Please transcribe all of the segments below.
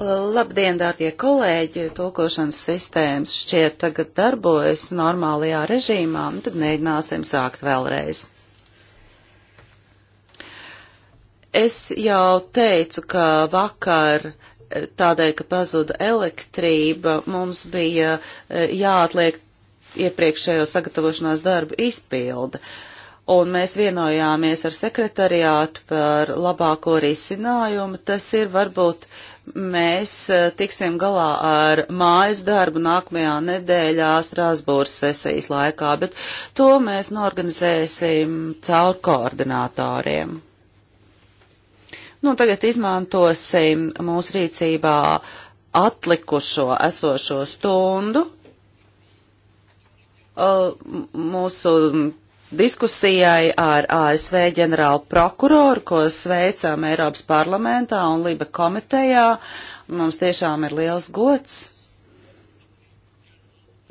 Labdien, dārgie kolēģi! Tulkošanas sistēmas šķiet tagad darbojas normālajā režīmā, un tad mēģināsim sākt vēlreiz. Es jau teicu, ka vakar eh, tādēļ, ka pazuda elektrība, mums bija eh, jāatliek iepriekšējo sagatavošanās darbu izpilde. Un mēs vienojāmies ar sekretariātu par labāko risinājumu. Tas ir varbūt uh, mēs eh, tiksim galā ar mājas darbu nākamajā nedēļā Strasbūras sesijas laikā, bet to mēs norganizēsim caur koordinātāriem. Nu, tagad izmantosim mūsu rīcībā atlikušo esošo stundu. Eh, mūsu diskusijai ar ASV ģenerālu prokuroru, ko sveicām Eiropas parlamentā un Liba komitejā. Mums tiešām ir liels gods,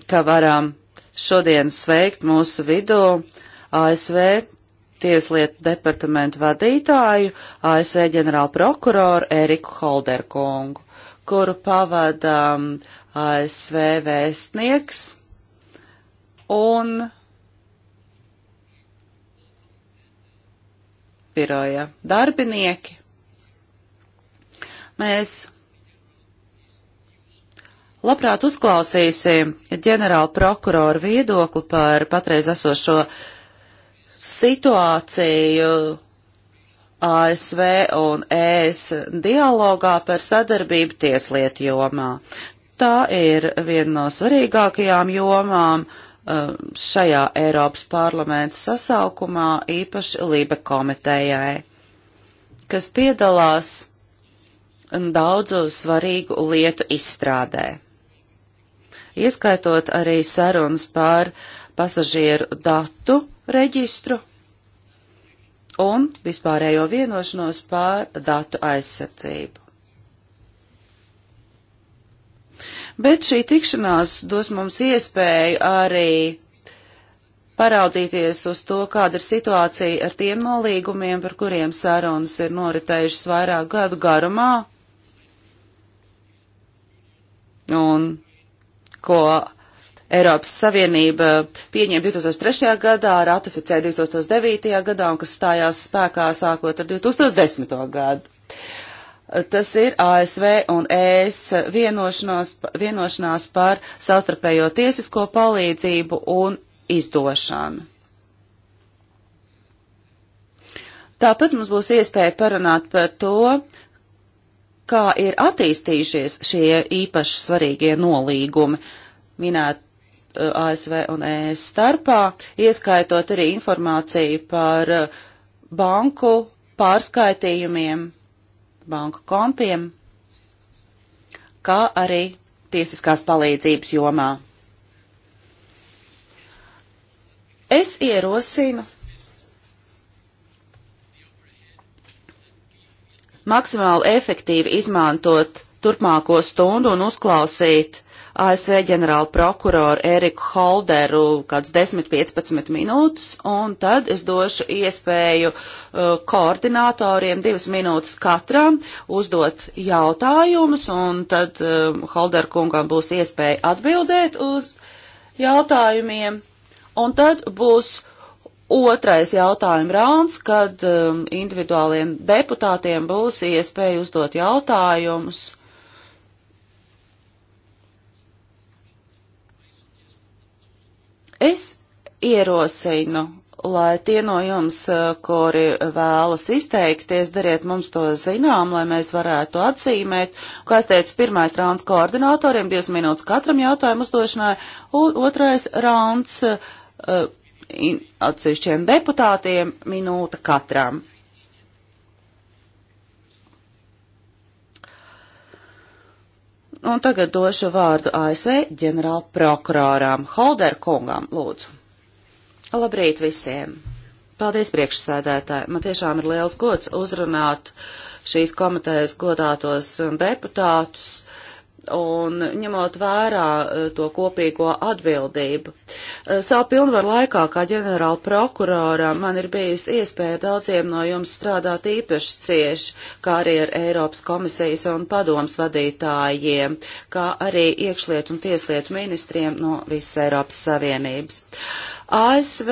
ka varam šodien sveikt mūsu vidū ASV Tieslietu departamentu vadītāju, ASV ģenerālu prokuroru Eriku Holderkongu, kuru pavadām ASV vēstnieks un biroja darbinieki. Mēs labprāt uzklausīsim ģenerāla prokurora viedokli par patreiz esošo situāciju ASV un ES dialogā par sadarbību tieslietu jomā. Tā ir viena no svarīgākajām jomām, uh, Um, šajā Eiropas parlamenta sasaukumā, īpaši Lība komitejai, kas piedalās daudzu svarīgu lietu izstrādē, ieskaitot arī sarunas par pasažieru datu reģistru un vispārējo vienošanos par datu aizsardzību. Bet šī tikšanās dos mums iespēju arī paraudzīties uz to, kāda ir situācija ar tiem nolīgumiem, par kuriem sarunas ir noritējušas vairāk gadu garumā, un ko Eiropas Savienība pieņēma 2003. gadā, ratificēja 2009. gadā un kas stājās spēkā sākot ar 2010. gadu. Tas ir ASV un ES vienošanās, vienošanās par savstarpējo tiesisko palīdzību un izdošanu. Tāpat mums būs iespēja parunāt par to, kā ir attīstījušies šie īpaši svarīgie nolīgumi minēt uh, ASV un ES starpā, ieskaitot arī informāciju par uh, banku pārskaitījumiem banku kontiem, kā arī tiesiskās palīdzības jomā. Es ierosinu maksimāli efektīvi izmantot turpmāko stundu un uzklausīt ASV ģenerālu prokuroru Eriku Holderu kāds 10-15 minūtes, un tad es došu iespēju uh, koordinatoriem divas minūtes katram uzdot jautājumus, un tad uh, um, Holderu kungam būs iespēja atbildēt uz jautājumiem, un tad būs Otrais jautājuma rauns, kad um, individuāliem deputātiem būs iespēja uzdot jautājumus. Uh, Es ierosinu, lai tie no jums, eh, kuri vēlas izteikties, dariet mums to zinām, lai mēs varētu atzīmēt. Kā es teicu, pirmais rauns koordinatoriem, 10 minūtes katram jautājumu uzdošanai, un otrais rauns uh, atsevišķiem deputātiem, minūte katram. Un tagad došu vārdu ASV ģenerāla prokurorām Holder kungam, lūdzu. Labrīt visiem! Paldies priekšsēdētāji! Man tiešām ir liels gods uzrunāt šīs komitejas godātos deputātus un ņemot vērā e, to kopīgo atbildību. E, savu pilnvaru laikā, kā ģenerāla prokurora, man ir bijusi iespēja daudziem no jums strādāt īpaši cieši, kā arī ar Eiropas komisijas un padoms vadītājiem, kā arī iekšlietu un tieslietu ministriem no visas Eiropas Savienības. ASV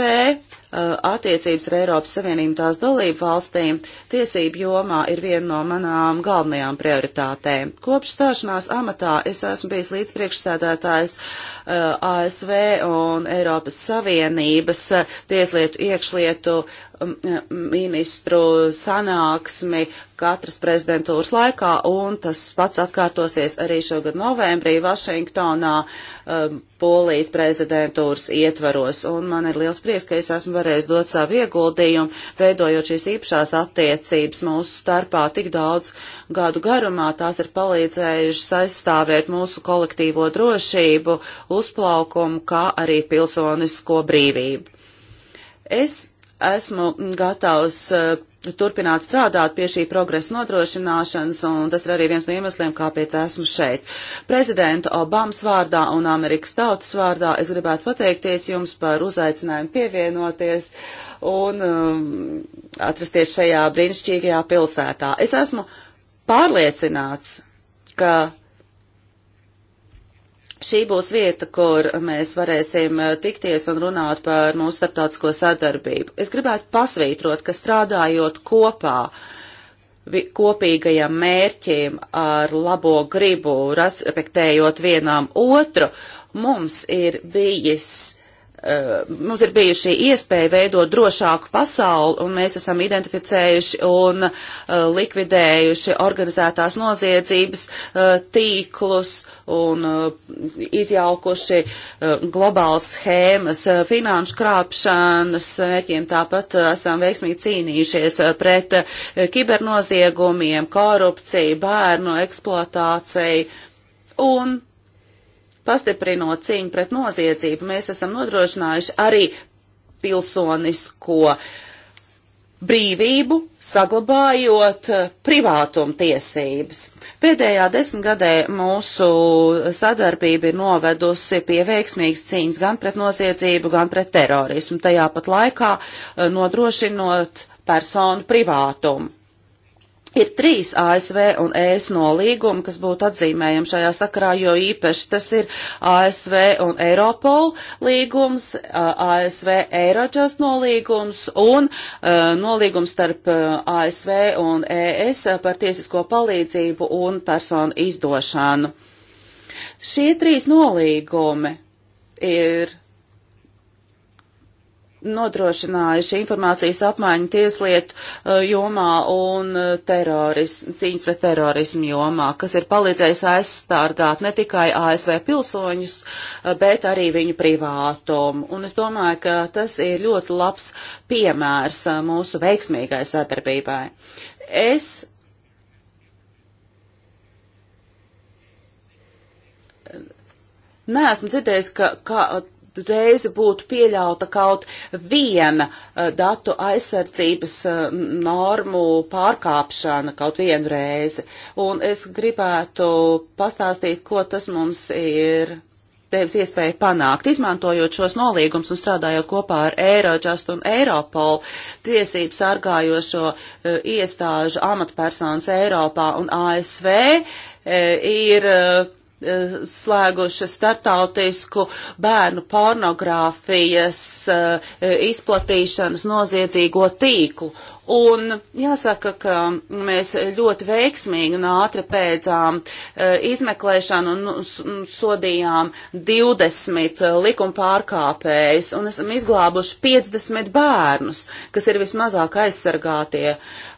Uh, attiecības ar Eiropas Savienību tās dalību valstīm tiesību jomā ir viena no manām galvenajām prioritātēm. Kopš stāšanās amatā es esmu bijis līdz priekšsēdētājs uh, ASV un Eiropas Savienības uh, tieslietu iekšlietu ministru sanāksmi katras prezidentūras laikā, un tas pats atkārtosies arī šogad novembrī Vašingtonā um, Polijas prezidentūras ietvaros. Un man ir liels prieks, ka es esmu varējis dot savu ieguldījumu, veidojot šīs īpašās attiecības mūsu starpā tik daudz gadu garumā. Tās ir palīdzējušas aizstāvēt mūsu kolektīvo drošību, uzplaukumu, kā arī pilsonisko brīvību. Es esmu gatavs eh, turpināt strādāt pie šī progresa nodrošināšanas, un tas ir arī viens no iemesliem, kāpēc esmu šeit. Prezidenta Obamas vārdā un Amerikas tautas vārdā es gribētu pateikties jums par uzaicinājumu pievienoties un um, atrasties šajā brīnišķīgajā pilsētā. Es esmu pārliecināts, ka Šī būs vieta, kur mēs varēsim eh, tikties un runāt par mūsu starptautisko sadarbību. Es gribētu pasvītrot, ka strādājot kopā, kopīgajam mērķim ar labo gribu, respektējot vienām otru, mums ir bijis Eh, mums ir bijuši iespēja veidot drošāku pasauli, un mēs esam identificējuši un uh, likvidējuši organizētās noziedzības uh, tīklus un uh, izjaukuši globālas schēmas finanšu krāpšanas mērķiem. Tāpat esam veiksmīgi cīnījušies pret kibernoziegumiem, korupciju, bērnu eksploatāciju un Pastiprinot cīņu pret noziedzību, mēs esam nodrošinājuši arī pilsonisko brīvību, saglabājot eh, privātumtiesības. Pēdējā desmitgadē mūsu sadarbība ir novedusi pie veiksmīgas cīņas gan pret noziedzību, gan pret terorismu, tajā pat laikā eh, nodrošinot personu privātumu. Ir trīs ASV un ES nolīgumi, kas būtu atzīmējami šajā sakarā, jo īpaši tas ir ASV un Eiropol līgums, ASV Eirožas nolīgums un uh, nolīgums starp ASV un ES par tiesisko palīdzību un personu izdošanu. Šie trīs nolīgumi ir nodrošinājuši informācijas apmaiņu tieslietu uh, jomā un uh, terorismu, cīņas pret terorismu jomā, kas ir palīdzējis aizstārgāt ne tikai ASV pilsoņus, uh, bet arī viņu privātumu. Un es domāju, ka tas ir ļoti labs piemērs mūsu veiksmīgai sadarbībai. Es Nē, esmu dzirdējis, ka, ka reizi būtu pieļauta kaut viena eh, datu aizsardzības eh, normu pārkāpšana kaut vienu reizi. Un es gribētu pastāstīt, ko tas mums ir devis iespēju panākt, izmantojot šos nolīgums un strādājot kopā ar Eirojust un Eiropol, tiesību sargājošo uh, iestāžu amatpersonas Eiropā un ASV uh, ir uh, Eh, slēguši startautisku bērnu pornogrāfijas eh, izplatīšanas noziedzīgo tīklu. Un jāsaka, ka mēs ļoti veiksmīgi un ātri pēcām e, izmeklēšanu un nu, sodījām 20 likuma pārkāpējus un esam izglābuši 50 bērnus, kas ir vismazāk aizsargātie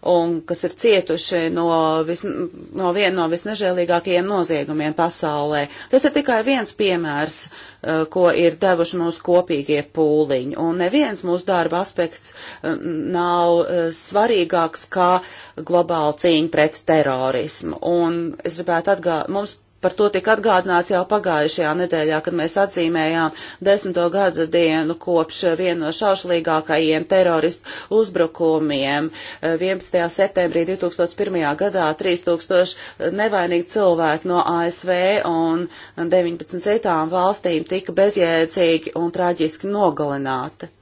un kas ir cietuši no, vis, no viena no visnežēlīgākajiem noziegumiem pasaulē. Tas ir tikai viens piemērs, e, ko ir devuši mūsu kopīgie pūliņi. Un neviens mūsu darba aspekts e, nav svarīgāks kā globāla cīņa pret terorismu. Un es gribētu atgādināt, mums par to tika atgādināts jau pagājušajā nedēļā, kad mēs atzīmējām desmito gada dienu kopš viena no šaušalīgākajiem teroristu uzbrukumiem. 11. septembrī 2001. gadā 3000 nevainīgi cilvēki no ASV un 19 citām valstīm tika bezjēdzīgi un traģiski nogalināti.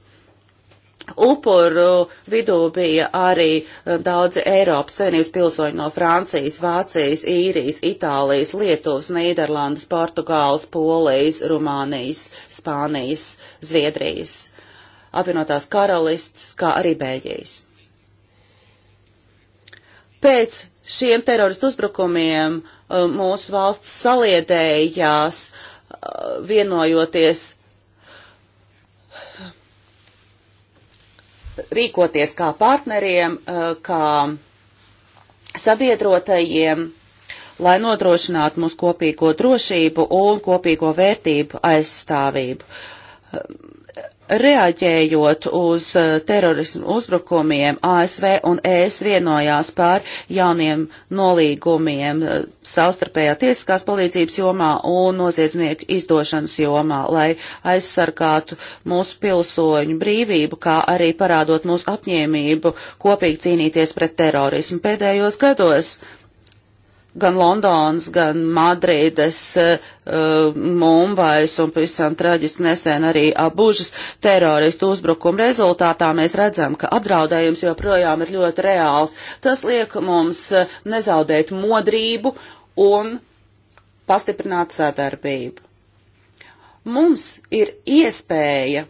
Upuru vidū bija arī eh, daudzi Eiropas savienības pilsoņi no Francijas, Vācijas, Īrijas, Itālijas, Lietuvas, Nīderlandes, Portugāles, Polijas, Rumānijas, Spānijas, Zviedrijas, apvienotās karalistas, kā arī Bēļģijas. Pēc šiem teroristu uzbrukumiem eh, mūsu valsts saliedējās, eh, vienojoties rīkoties kā partneriem, eh, kā sabiedrotajiem, lai nodrošinātu mūsu kopīgo drošību un kopīgo vērtību aizstāvību. Reaģējot uz eh, terorismu uzbrukumiem, ASV un ES vienojās par jauniem nolīgumiem eh, savstarpējā tiesiskās palīdzības jomā un noziedznieku izdošanas jomā, lai aizsargātu mūsu pilsoņu brīvību, kā arī parādot mūsu apņēmību kopīgi cīnīties pret terorismu. Pēdējos gados uh, gan Londonas, gan Madrīdes, uh, eh, Mumbais un pavisam traģiski nesen arī abužas teroristu uzbrukuma rezultātā mēs redzam, ka apdraudējums joprojām ir ļoti reāls. Tas liek mums eh, nezaudēt modrību un pastiprināt sadarbību. Mums ir iespēja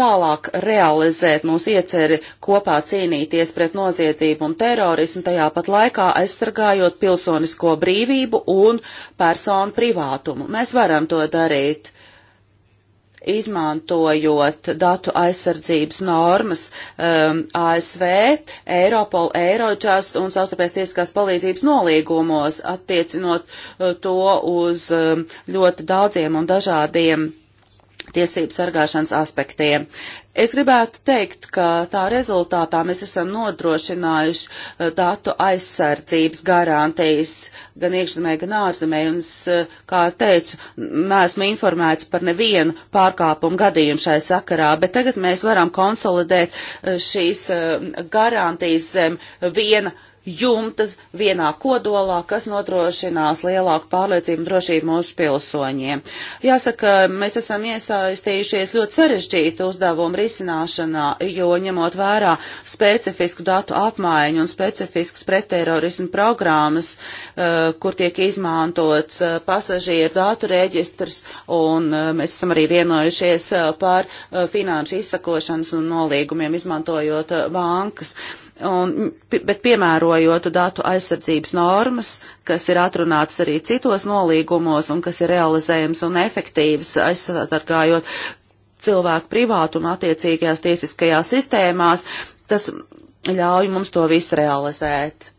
tālāk realizēt mūsu ieceri kopā cīnīties pret noziedzību un terorismu, tajā pat laikā aizsargājot pilsonisko brīvību un personu privātumu. Mēs varam to darīt izmantojot datu aizsardzības normas um, ASV, Eiropol, Eirojust un savstarpēs tiesiskās palīdzības nolīgumos, attiecinot uh, to uz um, ļoti daudziem un dažādiem tiesību sargāšanas aspektiem. Es gribētu teikt, ka tā rezultātā mēs esam nodrošinājuši eh, datu aizsardzības garantijas gan iekšzemē, gan ārzemē, un, es, eh, kā teicu, neesmu informēts par nevienu pārkāpumu gadījumu šai sakarā, bet tagad mēs varam konsolidēt eh, šīs garantijas zem viena jumtas vienā kodolā, kas nodrošinās lielāku pārliecību un drošību mūsu pilsoņiem. Jāsaka, mēs esam iesaistījušies ļoti sarežģītu uzdevumu risināšanā, jo ņemot vērā specifisku datu apmaiņu un specifiskas pretterorismu programmas, eh, kur tiek izmantots eh, pasažieru datu reģistrs, un eh, mēs esam arī vienojušies par finanšu izsakošanas un nolīgumiem izmantojot bankas. Un, bet piemērojot datu aizsardzības normas, kas ir atrunātas arī citos nolīgumos un kas ir realizējams un efektīvs, aizsargājot cilvēku privātumu attiecīgajās tiesiskajās sistēmās, tas ļauj mums to visu realizēt.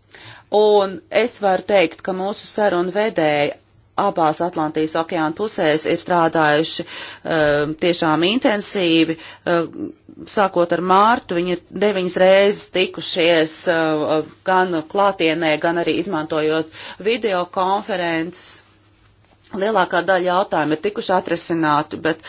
Un es varu teikt, ka mūsu sarunu vedēja abās Atlantijas okeāna pusēs ir strādājuši uh, tiešām intensīvi. Uh, sākot ar mārtu, viņi ir deviņas reizes tikušies uh, gan klātienē, gan arī izmantojot videokonferences. Lielākā daļa jautājumu ir tikuši atrisināti, bet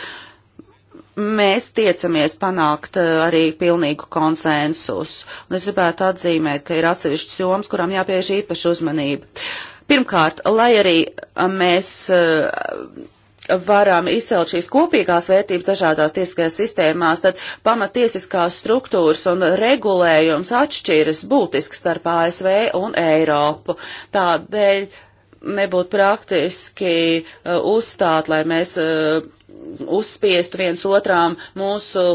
mēs tiecamies panākt arī pilnīgu konsensus. Un es gribētu atzīmēt, ka ir atsevišķas jomas, kurām jāpievērš īpaša uzmanība. Uh, Pirmkārt, lai arī mēs varam izcelt šīs kopīgās vērtības dažādās tiesiskajās sistēmās, tad pamatiesiskās struktūras un regulējums atšķiras būtiski starp ASV un Eiropu. Tādēļ nebūtu praktiski uzstāt, lai mēs uzspiestu viens otrām mūsu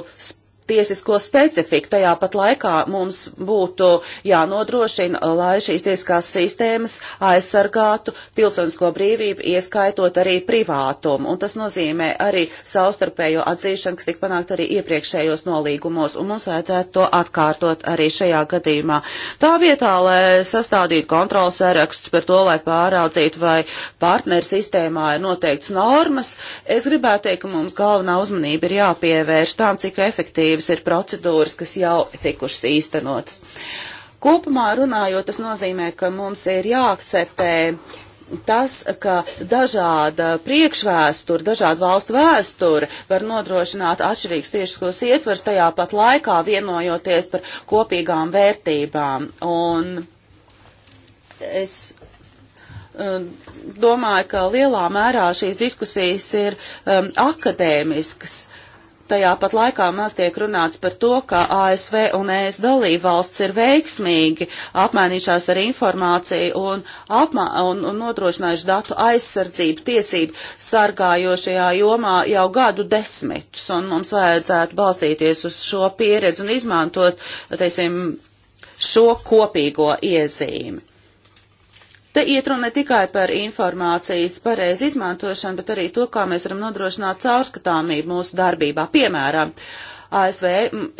tiesisko specifiku. Tajā pat laikā mums būtu jānodrošina, lai šīs tiesiskās sistēmas aizsargātu pilsonisko brīvību, ieskaitot arī privātumu. Un tas nozīmē arī savstarpējo atzīšanu, kas tika panākt arī iepriekšējos nolīgumos, un mums vajadzētu to atkārtot arī šajā gadījumā. Tā vietā, lai sastādītu kontrols saraksts par to, lai pāraudzītu, vai partneru sistēmā ir noteikts normas, es gribētu teikt, ka mums galvenā uzmanība ir jāpievērš tām, cik efektīvi direktīvas ir procedūras, kas jau tikušas īstenotas. Kopumā runājot, tas nozīmē, ka mums ir jāakceptē tas, ka dažāda priekšvēsture, dažāda valstu vēsture var nodrošināt atšķirīgs tiesiskos ietvers tajā pat laikā vienojoties par kopīgām vērtībām. Un es um, domāju, ka lielā mērā šīs diskusijas ir um, akadēmiskas. Uh, Tajā pat laikā maz tiek runāts par to, ka ASV un ES dalība valsts ir veiksmīgi apmainījušās ar informāciju un, apmā, un, un nodrošinājuši datu aizsardzību tiesību sargājošajā jomā jau gadu desmitus, un mums vajadzētu balstīties uz šo pieredzi un izmantot, teiksim, šo kopīgo iezīmi. Te iet runa ne tikai par informācijas pareizu izmantošanu, bet arī to, kā mēs varam nodrošināt caurskatāmību mūsu darbībā. Piemēram, ASV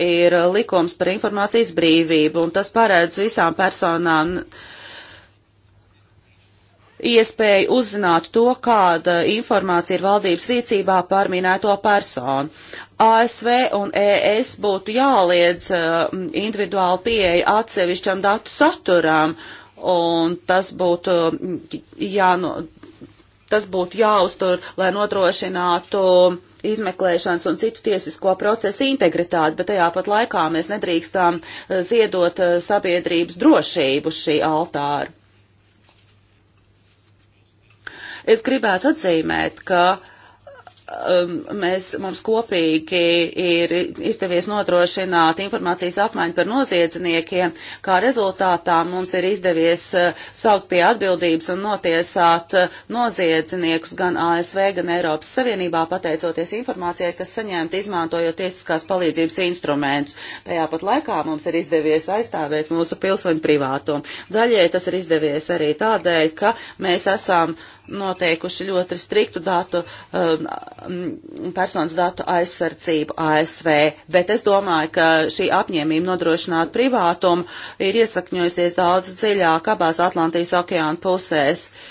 ir likums par informācijas brīvību, un tas paredz visām personām iespēju uzzināt to, kāda informācija ir valdības rīcībā par minēto personu. ASV un ES būtu jāliedz individuāli pieeja atsevišķam datu saturam, uh, un tas būtu jāno, nu, tas būtu jāuztur, lai notrošinātu izmeklēšanas un citu tiesisko procesu integritāti, bet tajā pat laikā mēs nedrīkstām eh, ziedot eh, sabiedrības drošību šī altāra. Es gribētu atzīmēt, ka uh, Um, mēs, mums kopīgi ir izdevies nodrošināt informācijas apmaiņu par noziedzniekiem, kā rezultātā mums ir izdevies uh, saukt pie atbildības un notiesāt uh, noziedzniekus gan ASV, gan Eiropas Savienībā, pateicoties informācijai, kas saņemta izmantojot tiesiskās palīdzības instrumentus. Tajā pat laikā mums ir izdevies aizstāvēt mūsu pilsoņu privātumu. Daļai tas ir izdevies arī tādēļ, ka mēs esam uh, noteikuši ļoti striktu datu, um, mm, personas datu aizsardzību ASV, bet es domāju, ka šī apņēmība nodrošināt privātumu ir iesakņojusies daudz dziļāk abās Atlantijas okeāna pusēs. Uh,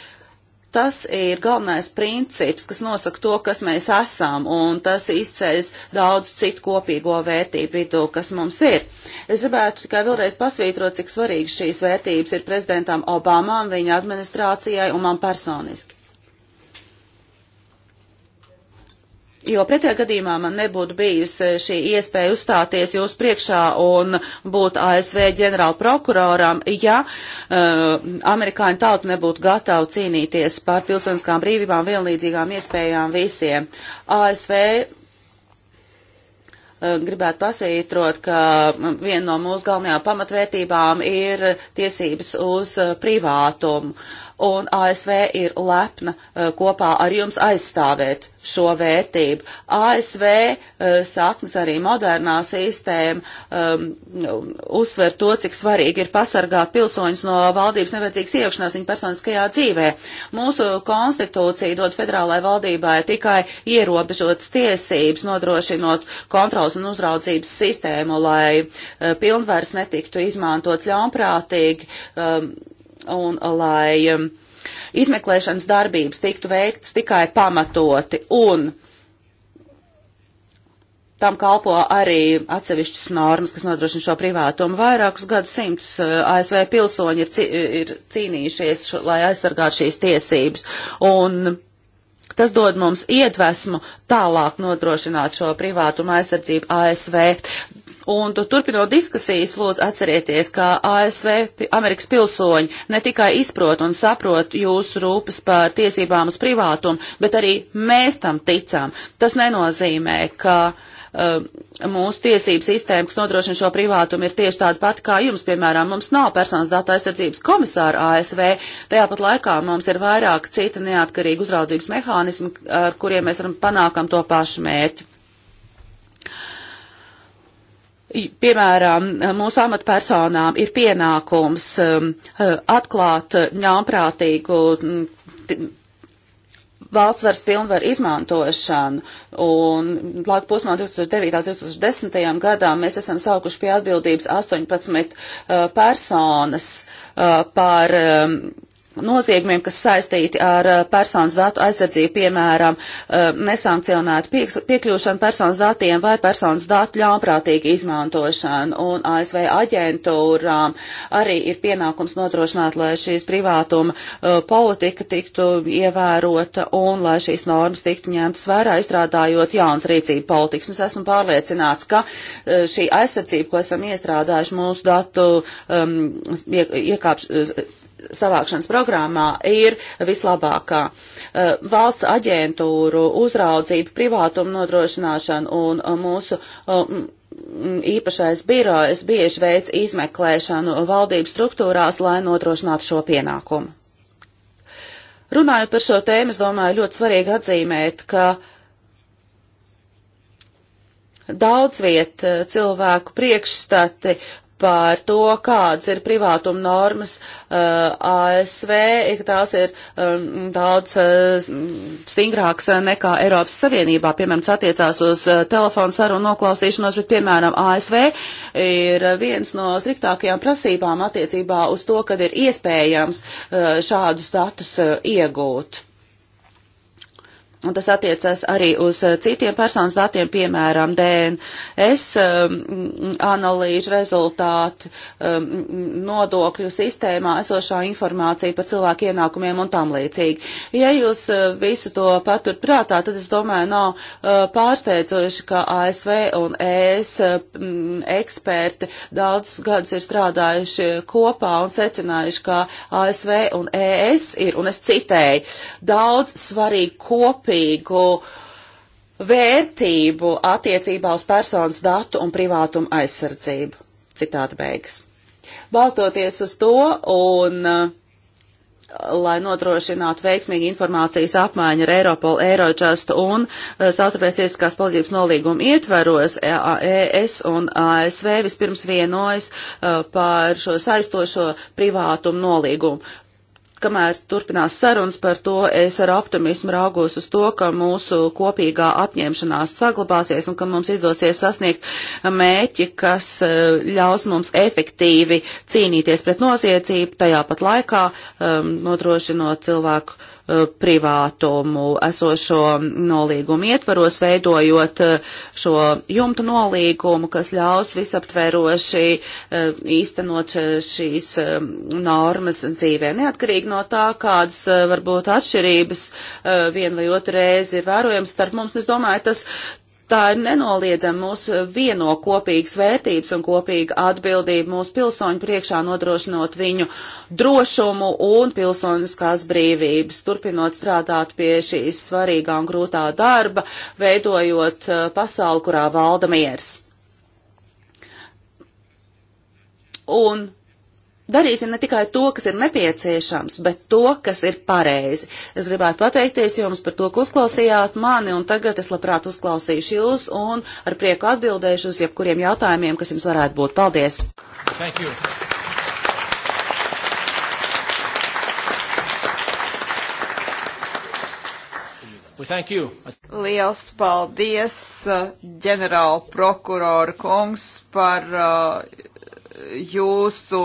Tas ir galvenais princips, kas nosaka to, kas mēs esam, un tas izceļas daudz citu kopīgo vērtību vidū, kas mums ir. Es gribētu tikai vēlreiz pasvītrot, cik svarīgas šīs vērtības ir prezidentam Obamam, viņa administrācijai un man personiski. Jo pretējā gadījumā man nebūtu bijusi šī iespēja uzstāties jūs priekšā un būt ASV ģenerāla prokuroram, ja uh, amerikāņu tauta nebūtu gatava cīnīties par pilsoniskām brīvībām, vienlīdzīgām iespējām visiem. ASV uh, gribētu pasvītrot, ka um, viena no mūsu galvenajām pamatvērtībām ir tiesības uz uh, privātumu. Uh, un ASV ir lepna e, kopā ar jums aizstāvēt šo vērtību. ASV e, sāknes arī modernā sistēma um, uzsver to, cik svarīgi ir pasargāt pilsoņus no valdības nevajadzīgas iekšanās viņa personiskajā dzīvē. Mūsu konstitūcija dod federālai valdībai tikai ierobežotas tiesības, nodrošinot kontrols un uzraudzības sistēmu, lai uh, pilnvērs netiktu izmantots ļaunprātīgi. Um, un lai um, izmeklēšanas darbības tiktu veikts tikai pamatoti un Tam kalpo arī atsevišķas normas, kas nodrošina šo privātumu. Vairākus gadsimtus uh, ASV pilsoņi ir, cī, ir cīnījušies, lai aizsargātu šīs tiesības. Un tas dod mums iedvesmu tālāk nodrošināt šo privātumu aizsardzību ASV. Un turpinot diskusijas, lūdzu atcerieties, ka ASV Amerikas pilsoņi ne tikai izprot un saprot jūsu rūpes par tiesībām uz privātumu, bet arī mēs tam ticam. Tas nenozīmē, ka um, mūsu tiesību sistēma, kas nodrošina šo privātumu, ir tieši tāda pati kā jums. Piemēram, mums nav personas datu aizsardzības komisāra ASV, tajāpat laikā mums ir vairāk cita neatkarīga uzraudzības mehānismi, ar kuriem mēs varam panākam to pašu mērķi piemēram, mūsu amatpersonām ir pienākums um, eh, atklāt eh, ļaunprātīgu mm, valsts varas pilnvaru izmantošanu. Un laika posmā 2009.-2010. gadām mēs esam saukuši pie atbildības 18 uh, eh, personas uh, par um, noziegumiem, kas saistīti ar uh, personas datu aizsardzību, piemēram, uh, nesankcionētu piekļūšanu personas datiem vai personas datu ļaunprātīgu izmantošanu. Un ASV aģentūrām arī ir pienākums nodrošināt, lai šīs privātuma uh, politika tiktu ievērota un lai šīs normas tiktu ņemtas vērā, izstrādājot jaunas rīcību politikas. Es esmu pārliecināts, ka šī aizsardzība, ko esam iestrādājuši mūsu datu um, iekāpšanas, savākšanas programmā ir vislabākā. Eh, valsts aģentūru uzraudzība, privātuma nodrošināšana un eh, mūsu eh, īpašais birojas bieži veic izmeklēšanu valdības struktūrās, lai nodrošinātu šo pienākumu. Runājot par šo tēmu, es domāju, ļoti svarīgi atzīmēt, ka daudz viet cilvēku priekšstati par to, kādas ir privātuma normas uh, ASV, ka tās ir um, daudz uh, stingrākas nekā Eiropas Savienībā. Piemēram, tas attiecās uz uh, telefonu sarunu noklausīšanos, bet, piemēram, ASV ir viens no striktākajām prasībām attiecībā uz to, kad ir iespējams uh, šādus datus uh, iegūt. Un tas attiecas arī uz eh, citiem personas datiem, piemēram, DNS um, eh, analīžu rezultāti, um, eh, nodokļu sistēmā esošā informācija par cilvēku ienākumiem un tam līdzīgi. Ja jūs visu to patur prātā, tad es domāju, nav uh, pārsteidzoši, ka ASV un ES um, eksperti daudzus gadus ir strādājuši kopā un secinājuši, ka ASV un ES ir, un es citēju, daudz svarīgi kopīgi kopīgu vērtību attiecībā uz personas datu un privātumu aizsardzību. Citāta beigas. Balstoties uz to un uh, lai nodrošinātu veiksmīgu informācijas apmaiņu ar Eiropolu, Eiročastu un uh, sautarpēs tiesiskās palīdzības nolīgumu ietveros, EAS e un ASV vispirms vienojas uh, par šo saistošo privātumu nolīgumu kamēr turpinās sarunas par to, es ar optimismu raugos uz to, ka mūsu kopīgā apņemšanās saglabāsies un ka mums izdosies sasniegt mēķi, kas eh, ļaus mums efektīvi cīnīties pret noziedzību, tajā pat laikā um, nodrošinot cilvēku Uh, privātumu esošo nolīgumu ietvaros, veidojot uh, šo jumtu nolīgumu, kas ļaus visaptveroši uh, īstenot šīs um, normas dzīvē. Neatkarīgi no tā, kādas varbūt atšķirības vien vai otru reizi ir vērojams starp mums, es domāju, tas Tā ir nenoliedzama mūsu vieno kopīgas vērtības un kopīga atbildība mūsu pilsoņu priekšā nodrošinot viņu drošumu un pilsoniskās brīvības, turpinot strādāt pie šīs svarīgā un grūtā darba, veidojot eh, pasauli, kurā valda miers. Un darīsim ne tikai to, kas ir nepieciešams, bet to, kas ir pareizi. Es gribētu pateikties jums par to, ka uzklausījāt mani, un tagad es labprāt uzklausīšu jūs un ar prieku atbildēšu uz jebkuriem jautājumiem, kas jums varētu būt. Paldies! Thank you. Liels paldies, uh, ģenerāla prokurora kungs, par uh, jūsu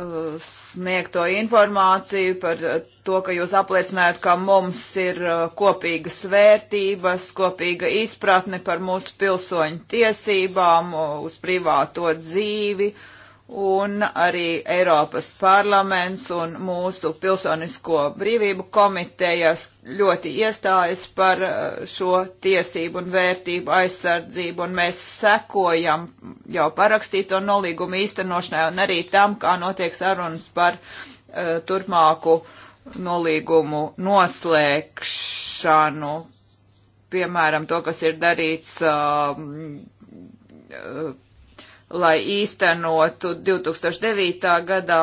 Uh, sniegto informāciju par uh, to, ka jūs apliecinājāt, ka mums ir uh, kopīgas vērtības, kopīga izpratne par mūsu pilsoņu tiesībām uz privāto dzīvi, uh, un arī Eiropas parlaments un mūsu pilsonisko brīvību komitejas ļoti iestājas par uh, šo tiesību un vērtību aizsardzību, un mēs sekojam jau parakstīto nolīgumu īstenošanai un arī tam, kā notiek sarunas par uh, turpmāku nolīgumu noslēgšanu, piemēram, to, kas ir darīts um, uh, uh lai īstenotu 2009. gadā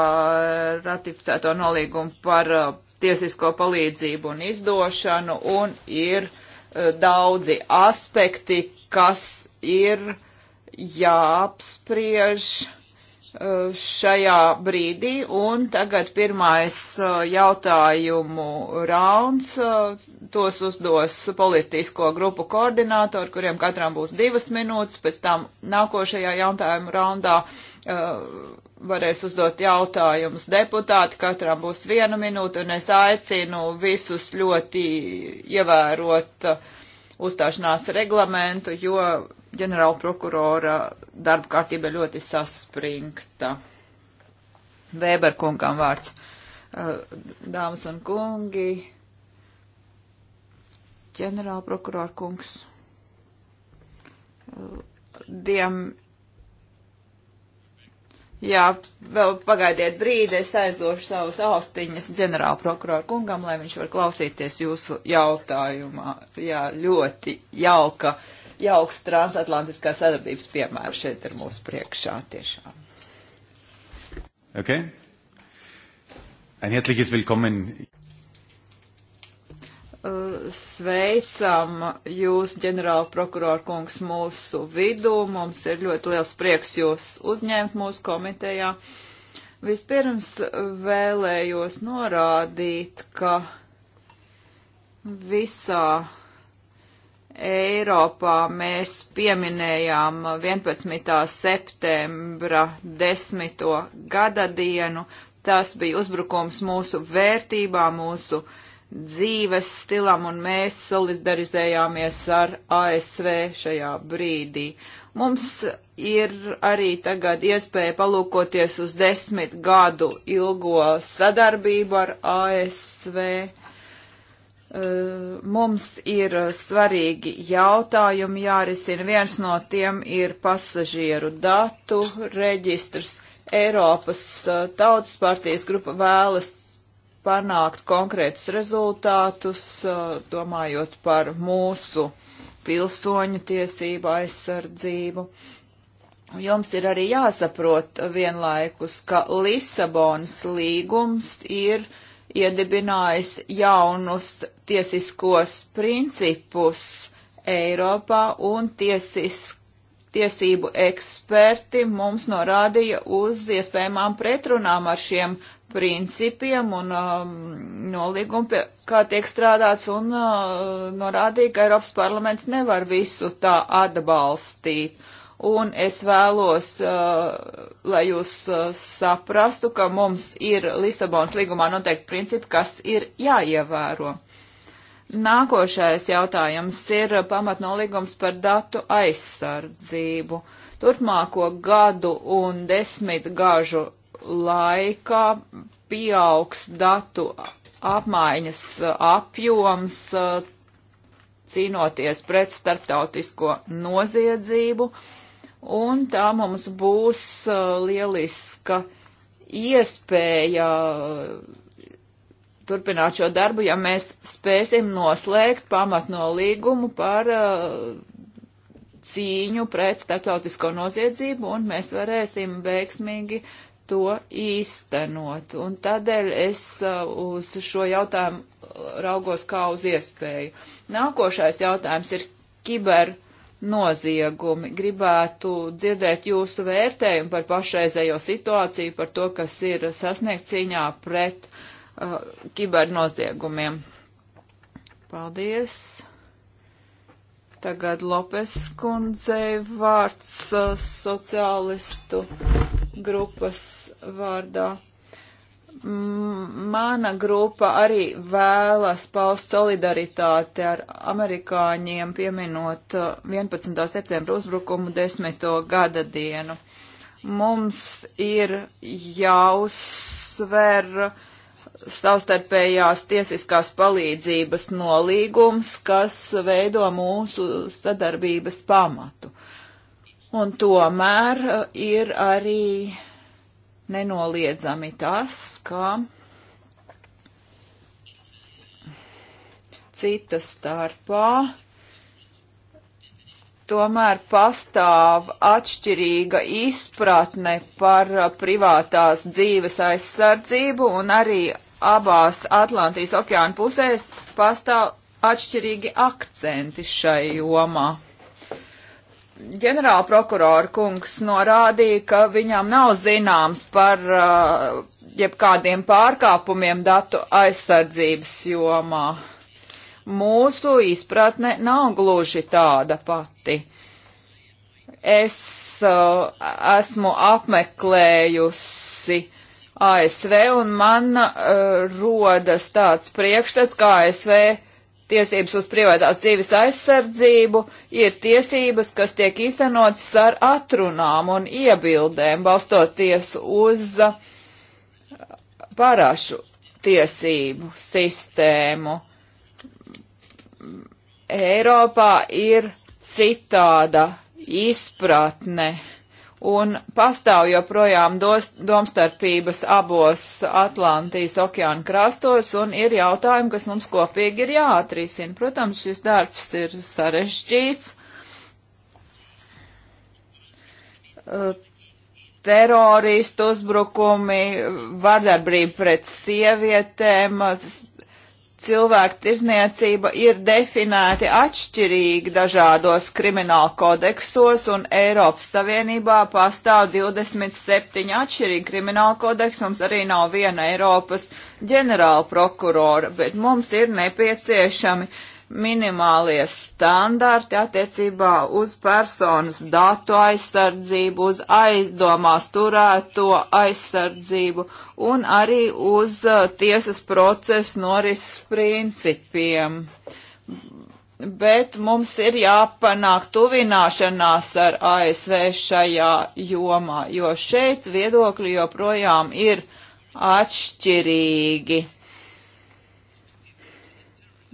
ratificēto nolīgumu par uh, tiesisko palīdzību un izdošanu, un ir uh, daudzi aspekti, kas ir jāapspriež Eh, šajā brīdī. Un tagad pirmais eh, jautājumu rauns. Eh, tos uzdos politisko grupu koordinātori, kuriem katram būs divas minūtes. Pēc tam nākošajā jautājumu raundā varēs uzdot jautājumus deputāti, katram būs viena minūte, un es aicinu visus ļoti ievērot uh, uzstāšanās reglamentu, jo ģenerāla prokurora darba kārtība ļoti saspringta. Vēberkungam vārds. Uh, dāmas un kungi, ģenerāla prokurora kungs. Uh, diem, Jā, vēl pagaidiet brīdi, es aizdošu savus austiņas ģenerāla prokuroru kungam, lai viņš var klausīties jūsu jautājumā. Jā, ļoti jauka, jauks transatlantiskā sadarbības piemērs šeit ir mūsu priekšā tiešām. Okay. Ein herzliches Willkommen. Eh, sveicam jūs, ģenerāla prokurora kungs, mūsu vidū. Mums ir ļoti liels prieks jūs uzņemt mūsu komitejā. Vispirms vēlējos norādīt, ka visā Eiropā mēs pieminējām 11. septembra 10. gada dienu. Tas bija uzbrukums mūsu vērtībām, mūsu uh, dzīves stilam, un mēs solidarizējāmies ar ASV šajā brīdī. Mums ir arī tagad iespēja palūkoties uz desmit gadu ilgo sadarbību ar ASV. Uh, mums ir svarīgi jautājumi jārisina. Viens no tiem ir pasažieru datu reģistrs. Eiropas uh, Tautas partijas grupa vēlas panākt konkrētus rezultātus, domājot par mūsu pilsoņu tiesību aizsardzību. Jums ir arī jāsaprot vienlaikus, ka Lisabonas līgums ir iedibinājis jaunus tiesiskos principus Eiropā un tiesiski tiesību eksperti mums norādīja uz iespējamām pretrunām ar šiem principiem un um, nolīgumu, pie kā tiek strādāts, un uh, norādīja, ka Eiropas parlaments nevar visu tā atbalstīt. Un es vēlos, uh, lai jūs uh, saprastu, ka mums ir Lisabonas līgumā noteikti principi, kas ir jāievēro. Uh, Nākošais jautājums ir pamatnolīgums par datu aizsardzību. Turpmāko gadu un desmit gažu laikā pieaugs datu apmaiņas apjoms, cīnoties pret starptautisko noziedzību, un tā mums būs lieliska iespēja turpināt šo darbu, ja mēs spēsim noslēgt pamatno līgumu par uh, cīņu pret starptautisko noziedzību, un mēs varēsim veiksmīgi to īstenot. Un tādēļ es uh, uz šo jautājumu raugos kā uz iespēju. Nākošais jautājums ir kiber noziegumi. Gribētu dzirdēt jūsu vērtējumu par pašreizējo situāciju, par to, kas ir sasniegt cīņā pret uh, uh, kibernoziegumiem. Paldies! Tagad Lopes kundzei vārds uh, sociālistu grupas vārdā. M mana grupa arī vēlas paust solidaritāti ar amerikāņiem, pieminot 11. Uh, septembra uzbrukumu desmito gada dienu. Mums ir jāuzsver uh, savstarpējās tiesiskās palīdzības nolīgums, kas veido mūsu sadarbības pamatu. Un tomēr uh, ir arī nenoliedzami tas, ka cita starpā tomēr pastāv atšķirīga izpratne par uh, privātās dzīves aizsardzību un arī abās Atlantijas okeāna pusēs pastāv atšķirīgi akcenti šai jomā. Ģenerāla prokurora kungs norādīja, ka viņām nav zināms par uh, jebkādiem pārkāpumiem datu aizsardzības jomā. Mūsu izpratne nav gluži tāda pati. Es uh, esmu apmeklējusi ASV, un man uh, rodas tāds priekšstats, ka ASV tiesības uz privātās dzīves aizsardzību ir tiesības, kas tiek īstenotas ar atrunām un iebildēm, balstoties uz uh, parašu tiesību sistēmu. Eiropā ir citāda izpratne un pastāv joprojām dos, domstarpības abos Atlantijas okeāna krastos, un ir jautājumi, kas mums kopīgi ir jāatrisina. Protams, šis darbs ir sarežģīts. Uh, teroristu uzbrukumi, vardarbība pret sievietēm, cilvēku tirzniecība ir definēti atšķirīgi dažādos krimināla kodeksos, un Eiropas Savienībā pastāv 27 atšķirīgi krimināla kodeksi. Mums arī nav viena Eiropas ģenerāla prokurora, bet mums ir nepieciešami uh, minimālie standarti attiecībā uz personas datu aizsardzību, uz aizdomās turēto aizsardzību un arī uz uh, tiesas procesu norises principiem bet mums ir jāpanāk tuvināšanās ar ASV šajā jomā, jo šeit viedokļi joprojām ir atšķirīgi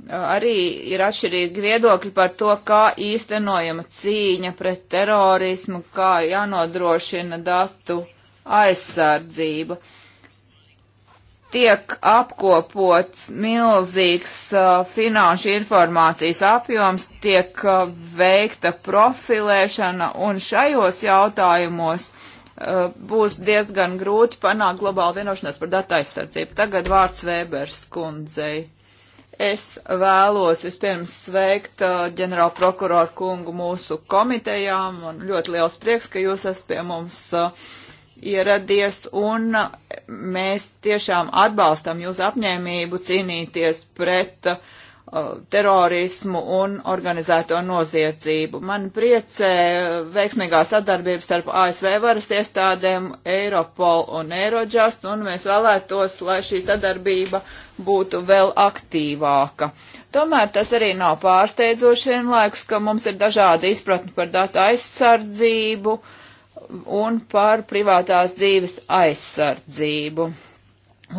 arī ir atšķirīgi viedokļi par to, kā īstenojama cīņa pret terorismu, kā jānodrošina datu aizsardzība. Tiek apkopots milzīgs uh, finanšu informācijas apjoms, tiek uh, veikta profilēšana, un šajos jautājumos uh, būs diezgan grūti panākt globālu vienošanos par datu aizsardzību. Tagad vārds Vēbers kundzei. Es vēlos vispirms sveikt uh, ģenerāla prokuroru kungu mūsu komitejām un ļoti liels prieks, ka jūs esat pie mums uh, ieradies un uh, mēs tiešām atbalstam jūsu apņēmību cīnīties pret uh, Uh, terorismu un organizēto noziedzību. Man priecē uh, veiksmīgā sadarbība starp ASV varas iestādēm, Eiropol un Eirojust, un mēs vēlētos, lai šī sadarbība būtu vēl aktīvāka. Tomēr tas arī nav pārsteidzoši vienlaikus, ka mums ir dažādi izpratni par datu aizsardzību un par privātās dzīves aizsardzību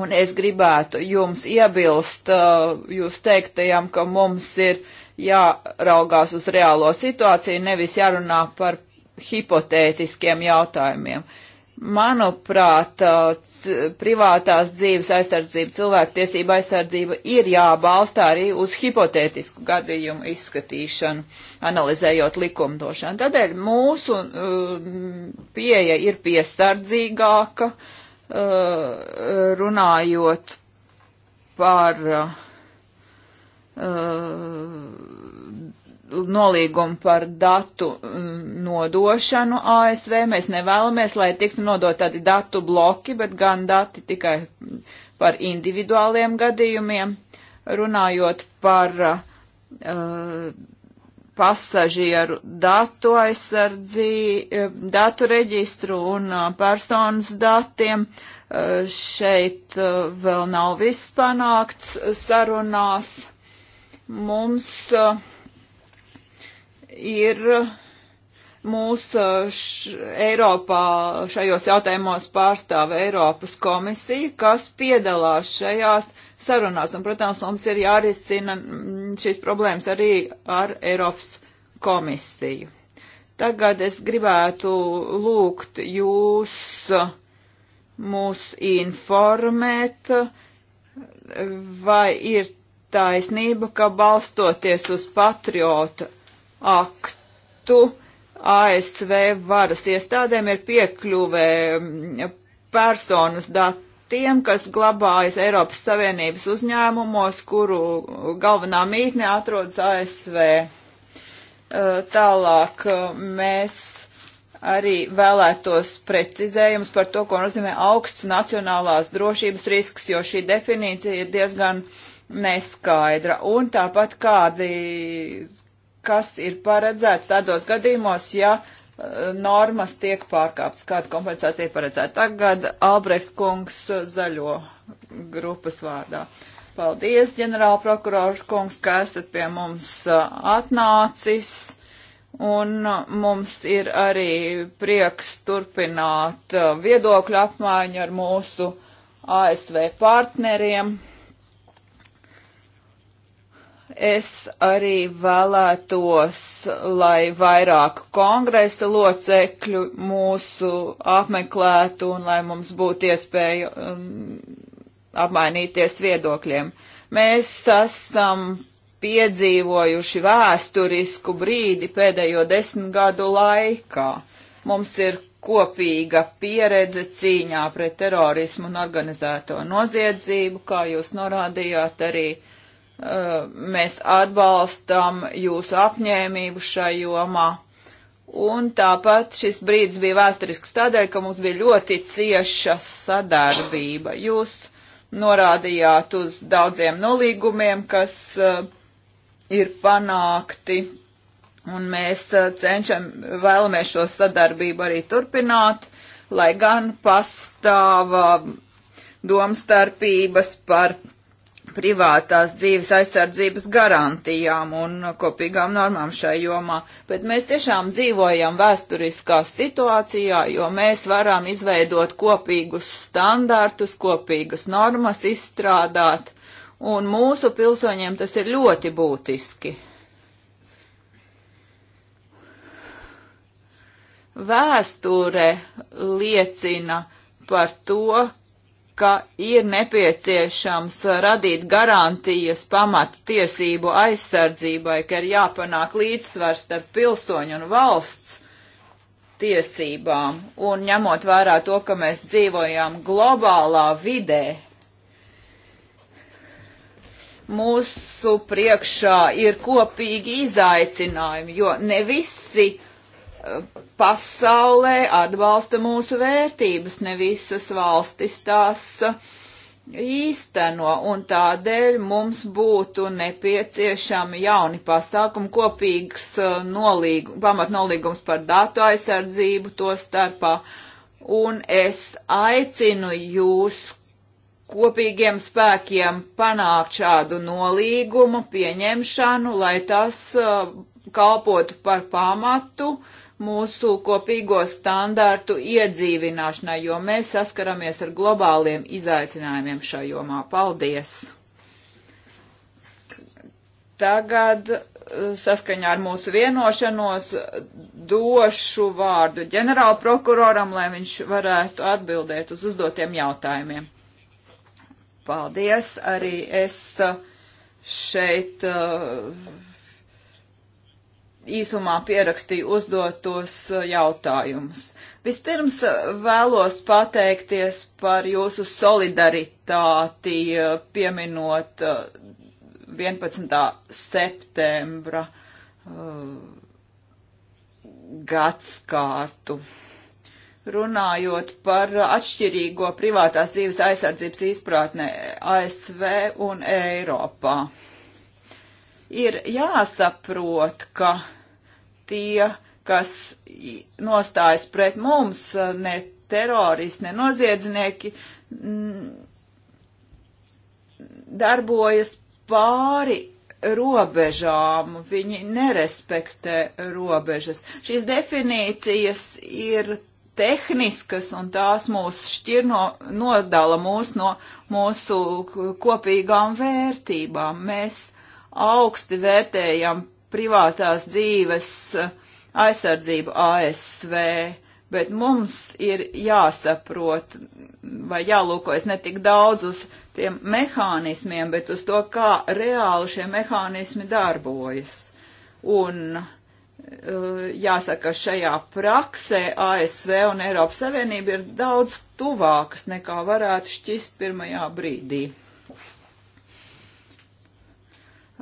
Un es gribētu jums iebilst, uh, jūs teiktajam, ka mums ir jāraugās uz reālo situāciju, nevis jārunā par hipotētiskiem jautājumiem. Manuprāt, uh, privātās dzīves aizsardzība, cilvēktiesība aizsardzība ir jābalstā arī uz hipotētisku gadījumu izskatīšanu, analizējot likumdošanu. Tādēļ mūsu uh, pieeja ir piesardzīgāka. Uh, Uh, runājot par uh, nolīgumu par datu nodošanu ASV. Mēs nevēlamies, lai tiktu nodot tādi datu bloki, bet gan dati tikai par individuāliem gadījumiem. Runājot par uh, pasažieru datu aizsardzību, e, datu reģistru un e, personas datiem. E, šeit vēl nav viss panākts sarunās. Mums ir mūsu š, Eiropā šajos jautājumos pārstāv Eiropas komisija, kas piedalās šajās sarunās. Un, protams, mums ir jārisina mm, šīs problēmas arī ar Eiropas komisiju. Tagad es gribētu lūgt jūs uh, mūs informēt, vai ir taisnība, ka balstoties uz patriota aktu ASV varas iestādēm ir piekļuvē mm, personas datu tiem, kas glabājas Eiropas Savienības uzņēmumos, kuru galvenā mītne atrodas ASV. Tālāk mēs arī vēlētos precizējums par to, ko nozīmē augsts nacionālās drošības risks, jo šī definīcija ir diezgan neskaidra. Un tāpat kādi, kas ir paredzēts tādos gadījumos, ja uh, normas tiek pārkāptas, kāda kompensācija paredzēta. Tagad Albrecht kungs zaļo grupas vārdā. Paldies, ģenerāla prokurors kungs, ka esat pie mums uh, atnācis. Un uh, mums ir arī prieks turpināt uh, viedokļu apmaiņu ar mūsu ASV partneriem. Es arī vēlētos, lai vairāk kongresa locekļu mūsu apmeklētu un lai mums būtu iespēja um, apmainīties viedokļiem. Mēs esam piedzīvojuši vēsturisku brīdi pēdējo desmit gadu laikā. Mums ir kopīga pieredze cīņā pret terorismu un organizēto noziedzību, kā jūs norādījāt arī uh, Eh, mēs atbalstam jūsu apņēmību šai jomā. Un tāpat šis brīdis bija vēsturisks tādēļ, ka mums bija ļoti cieša sadarbība. Jūs norādījāt uz daudziem nolīgumiem, kas uh, ir panākti, un mēs uh, cenšam, vēlamies šo sadarbību arī turpināt, lai gan pastāv uh, domstarpības par privātās dzīves aizsardzības garantijām un kopīgām normām šai jomā, bet mēs tiešām dzīvojam vēsturiskā situācijā, jo mēs varam izveidot kopīgus standartus, kopīgas normas izstrādāt, un mūsu pilsoņiem tas ir ļoti būtiski. Vēsture liecina par to, ka ir nepieciešams radīt garantijas pamat tiesību aizsardzībai, ka ir jāpanāk līdzsvars starp pilsoņu un valsts tiesībām, un ņemot vērā to, ka mēs dzīvojam globālā vidē, mūsu priekšā ir kopīgi izaicinājumi, jo ne visi uh, pasaulē atbalsta mūsu vērtības, ne visas valstis tās īsteno, un tādēļ mums būtu nepieciešami jauni pasākumi, kopīgs uh, nolīg, pamatnolīgums par datu aizsardzību to starpā, un es aicinu jūs kopīgiem spēkiem panākt šādu nolīgumu pieņemšanu, lai tas uh, kalpotu par pamatu mūsu kopīgo standārtu iedzīvināšanai, jo mēs saskaramies ar globāliem izaicinājumiem šajomā. Paldies! Tagad eh, saskaņā ar mūsu vienošanos došu vārdu ģenerāla prokuroram, lai viņš varētu atbildēt uz uzdotiem jautājumiem. Paldies! Arī es eh, šeit. Uh, īsumā pierakstīju uzdotos uh, jautājumus. Vispirms uh, vēlos pateikties par jūsu solidaritāti, uh, pieminot 11. septembra gadskārtu. Runājot par atšķirīgo privātās dzīves aizsardzības izpratnē ASV un Eiropā. Uh, ir jāsaprot, ka tie, kas nostājas pret mums, ne teroristi, ne noziedznieki, darbojas pāri robežām, viņi nerespektē robežas. Šīs definīcijas ir tehniskas un tās mūs šķir no, nodala mūs no mūsu kopīgām vērtībām. Mēs augsti vērtējam privātās dzīves aizsardzību ASV, bet mums ir jāsaprot vai jālūkojas ne tik daudz uz tiem mehānismiem, bet uz to, kā reāli šie mehānismi darbojas. Un eh, jāsaka, šajā praksē ASV un Eiropas Savienība ir daudz tuvākas nekā varētu šķist pirmajā brīdī.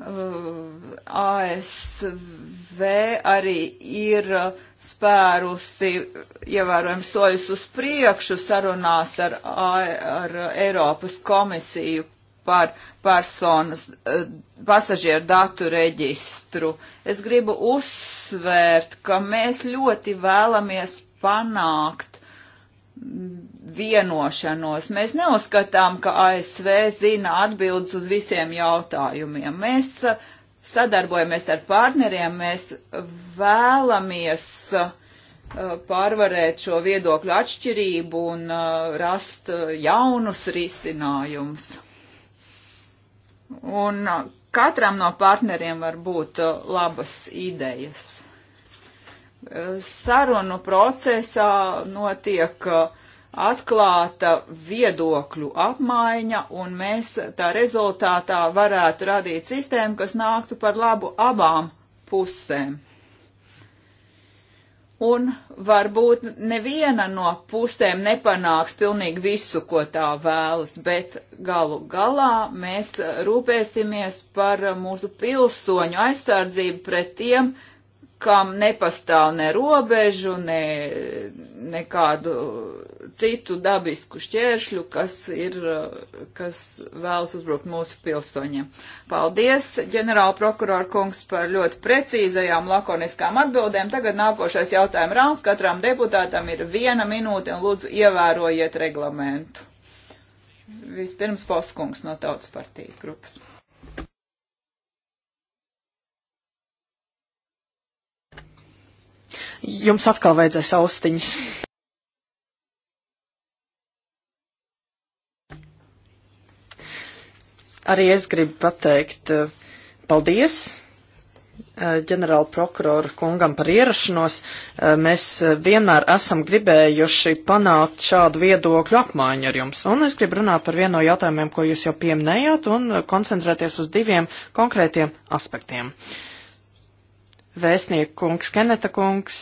Uh, ASV arī ir spērusi ievērojami soļus uz priekšu sarunās ar, ar Eiropas komisiju par personas uh, pasažieru datu reģistru. Es gribu uzsvērt, ka mēs ļoti vēlamies panākt vienošanos. Mēs neuzskatām, ka ASV zina atbildes uz visiem jautājumiem. Mēs uh, sadarbojamies ar partneriem, mēs vēlamies uh, pārvarēt šo viedokļu atšķirību un uh, rast jaunus risinājumus. Un katram no partneriem var būt labas idejas sarunu procesā notiek uh, atklāta viedokļu apmaiņa, un mēs tā rezultātā varētu radīt sistēmu, kas nāktu par labu abām pusēm. Un varbūt neviena no pusēm nepanāks pilnīgi visu, ko tā vēlas, bet galu galā mēs rūpēsimies par mūsu pilsoņu aizsardzību pret tiem, uh, kam nepastāv ne robežu, ne, ne kādu citu dabisku šķēršļu, kas ir, kas vēlas uzbrukt mūsu pilsoņiem. Paldies, ģenerāla prokurora kungs, par ļoti precīzajām lakoniskām atbildēm. Tagad nākošais jautājuma rauns. Katram deputātam ir viena minūte un lūdzu ievērojiet reglamentu. Vispirms Foskungs no Tautas partijas grupas. jums atkal vajadzēs austiņas. Arī es gribu pateikt eh, paldies eh, ģenerāla prokurora kungam par ierašanos. Eh, mēs vienmēr esam gribējuši panākt šādu viedokļu apmaiņu ar jums. Un es gribu runāt par vienu no jautājumiem, ko jūs jau pieminējāt, un koncentrēties uz diviem konkrētiem aspektiem. Uh, vēstnieku kungs, Keneta kungs,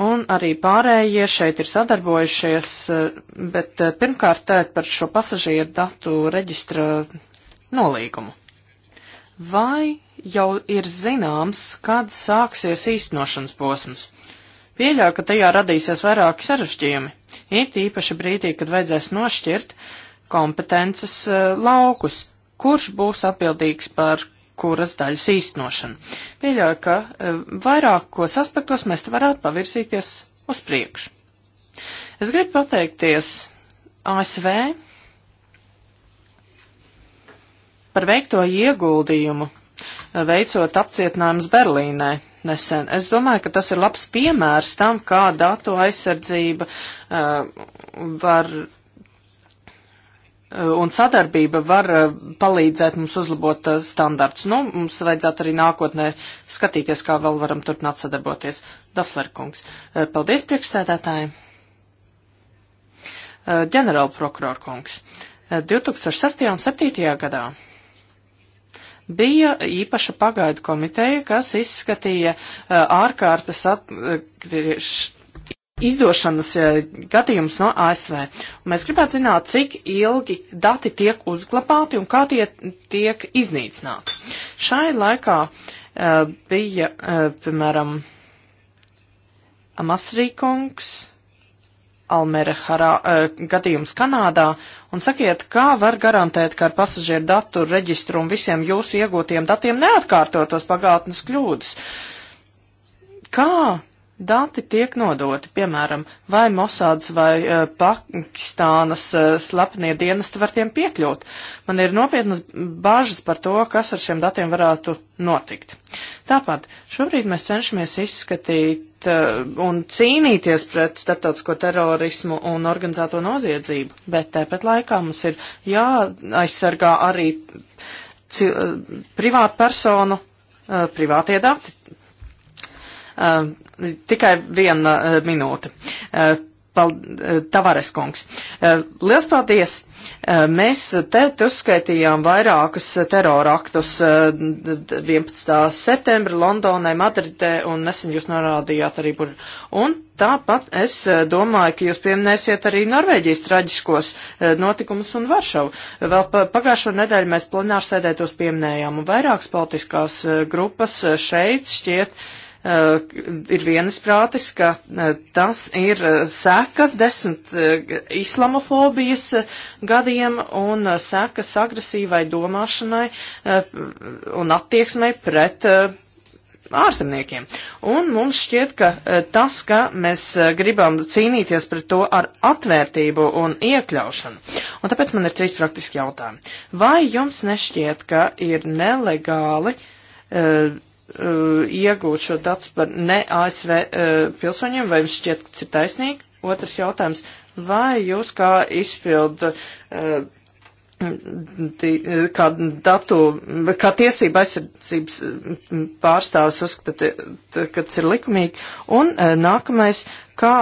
un arī pārējie šeit ir sadarbojušies, eh, bet eh, pirmkārt tēt par šo pasažieru datu reģistra nolīgumu. Vai jau ir zināms, kad sāksies īstenošanas posms? Pieļauju, ka tajā radīsies vairāki sarežģījumi, it īpaši brīdī, kad vajadzēs nošķirt kompetences uh, laukus, kurš būs atbildīgs par kuras daļas īstenošanu. Pieļauju, ka e, vairākos aspektos mēs varētu pavirzīties uz priekšu. Es gribu pateikties ASV par veikto ieguldījumu, e, veicot apcietinājumus Berlīnē nesen. Es domāju, ka tas ir labs piemērs tam, kā datu aizsardzība uh, var Eh, un sadarbība var eh, palīdzēt mums uzlabot eh, standarts. Nu, mums vajadzētu arī nākotnē skatīties, kā vēl varam turpināt sadarboties. Dafler kungs. Paldies priekšsēdētāji. Ģenerāla prokurora kungs. 2006. un 2007. gadā bija īpaša pagaidu komiteja, kas izskatīja ārkārtas atgriež, izdošanas eh, gadījums no ASV. Un mēs gribētu zināt, cik ilgi dati tiek uzglabāti un kā tie tiek iznīcināti. Šai laikā uh, bija, uh, piemēram, Amasrīkungs, Almera Harā, uh, gadījums Kanādā, un sakiet, kā var garantēt, ka ar pasažieru datu reģistru un visiem jūsu iegūtiem datiem neatkārtotos pagātnes kļūdas? Kā Dati tiek nodoti, piemēram, vai Mosads vai uh, Pakistānas uh, eh, slepnie dienesti var tiem piekļūt. Man ir nopietnas bāžas par to, kas ar šiem datiem varētu notikt. Tāpat šobrīd mēs cenšamies izskatīt uh, un cīnīties pret starptautisko terorismu un organizēto noziedzību, bet tāpat laikā mums ir jāaizsargā arī privātpersonu privātie dati. Uh, tikai viena uh, minūte. Uh, Tavares kungs. Liels paldies! Mēs te uzskaitījām vairākus teroraktus 11. septembra Londonai, Madridē un nesen jūs norādījāt arī bur. Un tāpat es domāju, ka jūs pieminēsiet arī Norvēģijas traģiskos notikumus un Varšavu. Vēl pagājušo nedēļu mēs plenārsēdē tos pieminējām un vairākas politiskās grupas šeit šķiet Eh, ir vienisprātis, ka eh, tas ir eh, sekas desmit islamofobijas gadiem un sekas agresīvai domāšanai un attieksmai pret ārzemniekiem. Un mums šķiet, ka tas, ka mēs gribam cīnīties pret to ar atvērtību un iekļaušanu. Un tāpēc man ir trīs praktiski jautājumi. Vai jums nešķiet, ka ir nelegāli uh, Uh, iegūt šo datus par ne ASV uh, pilsoņiem, vai jums šķiet, ka tas ir taisnīgi? Otrs jautājums, vai jūs kā izpildu, uh, kā datu, kā tiesība aizsardzības pārstāvis uzskatāt, ka tas ir likumīgi? Un nākamais, kā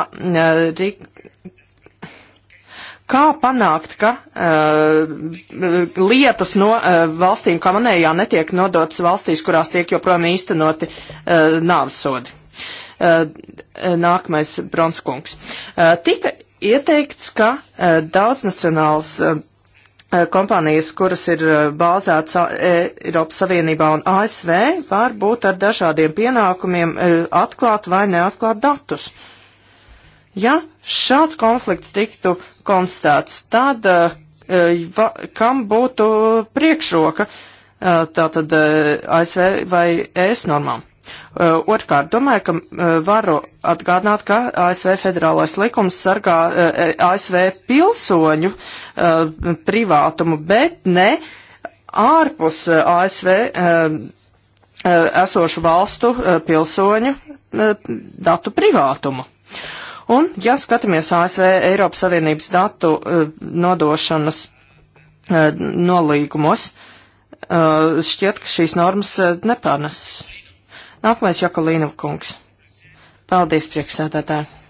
Kā panākt, ka uh, lietas no uh, valstīm, kā manējā, netiek nodotas valstīs, kurās tiek joprojām īstenoti uh, nāves sodi? Uh, nākamais Bronskungs. Uh, tika ieteikts, ka uh, daudznacionāls uh, uh, kompānijas, kuras ir uh, bāzētas uh, Eiropas Savienībā un ASV, var būt ar dažādiem pienākumiem atklāt vai neatklāt datus. Uh, Ja šāds konflikts tiktu konstatēts, tad uh, va, kam būtu priekšroka uh, tātad uh, ASV vai ES normām? Otrkārt, domāju, ka varu atgādināt, ka ASV federālais likums sargā ASV pilsoņu privātumu, bet ne ārpus ASV esošu valstu pilsoņu datu privātumu. Uh, Un, ja skatāmies ASV Eiropas Savienības datu eh, nodošanas eh, nolīgumos, eh, šķiet, ka šīs normas nepārnes. Nākamais Jakolīna kungs. Paldies, priekšsēdētāji.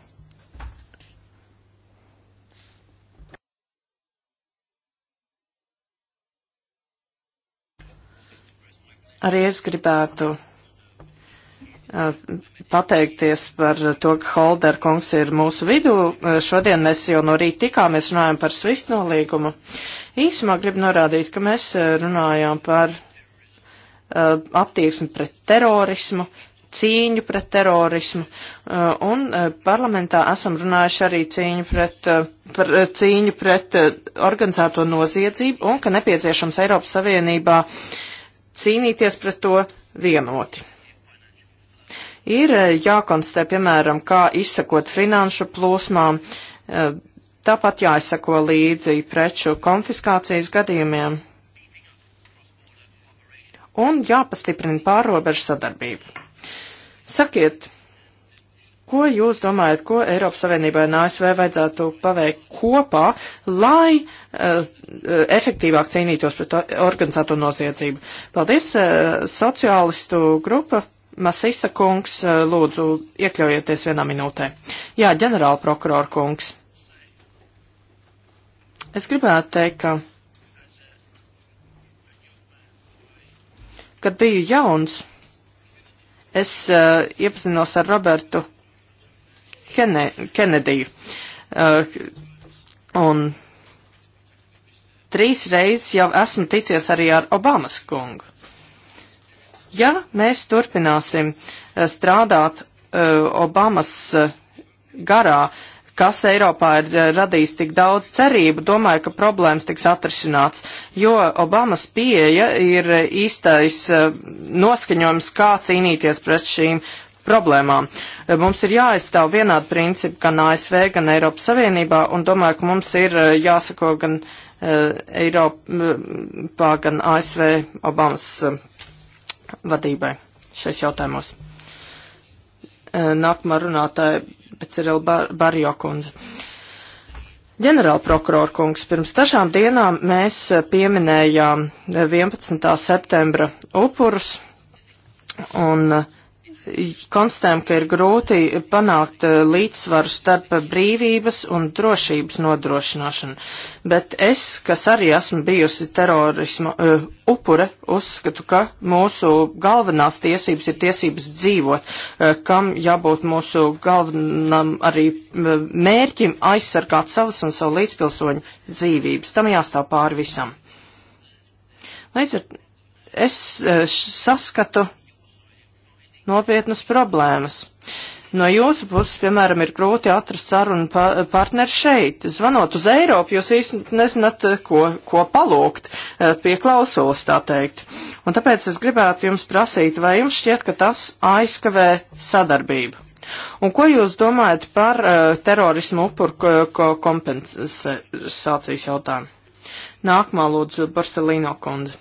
Arī es gribētu Eh, pateikties par to, ka Holder kungs ir mūsu vidū. Eh, šodien mēs jau no rīta tikāmies runājam par SWIFT nolīgumu. Īsumā gribu norādīt, ka mēs eh, runājām par attieksmi pret terorismu, cīņu pret terorismu, un parlamentā esam runājuši arī cīņu pret, par cīņu pret organizēto noziedzību, un ka nepieciešams Eiropas Savienībā cīnīties pret to vienoti. Ir eh, jākonstatē, piemēram, kā izsakot finanšu plūsmām, eh, tāpat jāizsako līdzi preču konfiskācijas gadījumiem un jāpastiprina pārobežu sadarbību. Sakiet, ko jūs domājat, ko Eiropas Savienībai un ASV vajadzētu paveikt kopā, lai uh, efektīvāk cīnītos pret organizēto noziedzību? Paldies, uh, sociālistu grupa, Masisa kungs, eh, lūdzu, iekļaujieties vienā minūtē. Jā, ģenerāla prokurora kungs. Es gribētu teikt, ka, kad biju jauns, es uh, iepazinos ar Robertu Kene Kenediju. Uh, un trīs reizes jau esmu ticies arī ar Obamas kungu. Ja mēs turpināsim eh, strādāt eh, Obamas eh, garā, kas Eiropā ir radījis tik daudz cerību, domāju, ka problēmas tiks atrisināts, jo Obamas pieeja ir īstais noskaņojums, kā cīnīties pret šīm problēmām. Mums ir jāaizstāv vienādi principi gan ASV, gan Eiropas Savienībā, un domāju, ka mums ir jāsako gan Eiropā, gan ASV Obamas vadībai šais jautājumos. E, nākamā runātāja pēc ir Bar Barjo kundze. Ģenerāla prokurora kungs, pirms dažām dienām mēs pieminējām 11. septembra upurus, un uh, konstatējam, ka ir grūti panākt eh, līdzsvaru starp brīvības un drošības nodrošināšanu, bet es, kas arī esmu bijusi terorisma uh, upure, uzskatu, ka mūsu galvenās tiesības ir tiesības dzīvot, uh, kam jābūt mūsu galvenam arī uh, mērķim aizsargāt savas un savu līdzpilsoņu dzīvības. Tam jāstāv pāri visam. Līdz ar es uh, saskatu nopietnas problēmas. No jūsu puses, piemēram, ir grūti atrast sarunu pa partneri šeit. Zvanot uz Eiropu, jūs īsti nezināt, eh, ko, ko palūgt eh, pie klausulas, tā teikt. Un tāpēc es gribētu jums prasīt, vai jums šķiet, ka tas aizkavē sadarbību? Un ko jūs domājat par uh, terorismu upuru ko, ko kompensācijas jautājumu? Nākamā lūdzu Barcelino kundi.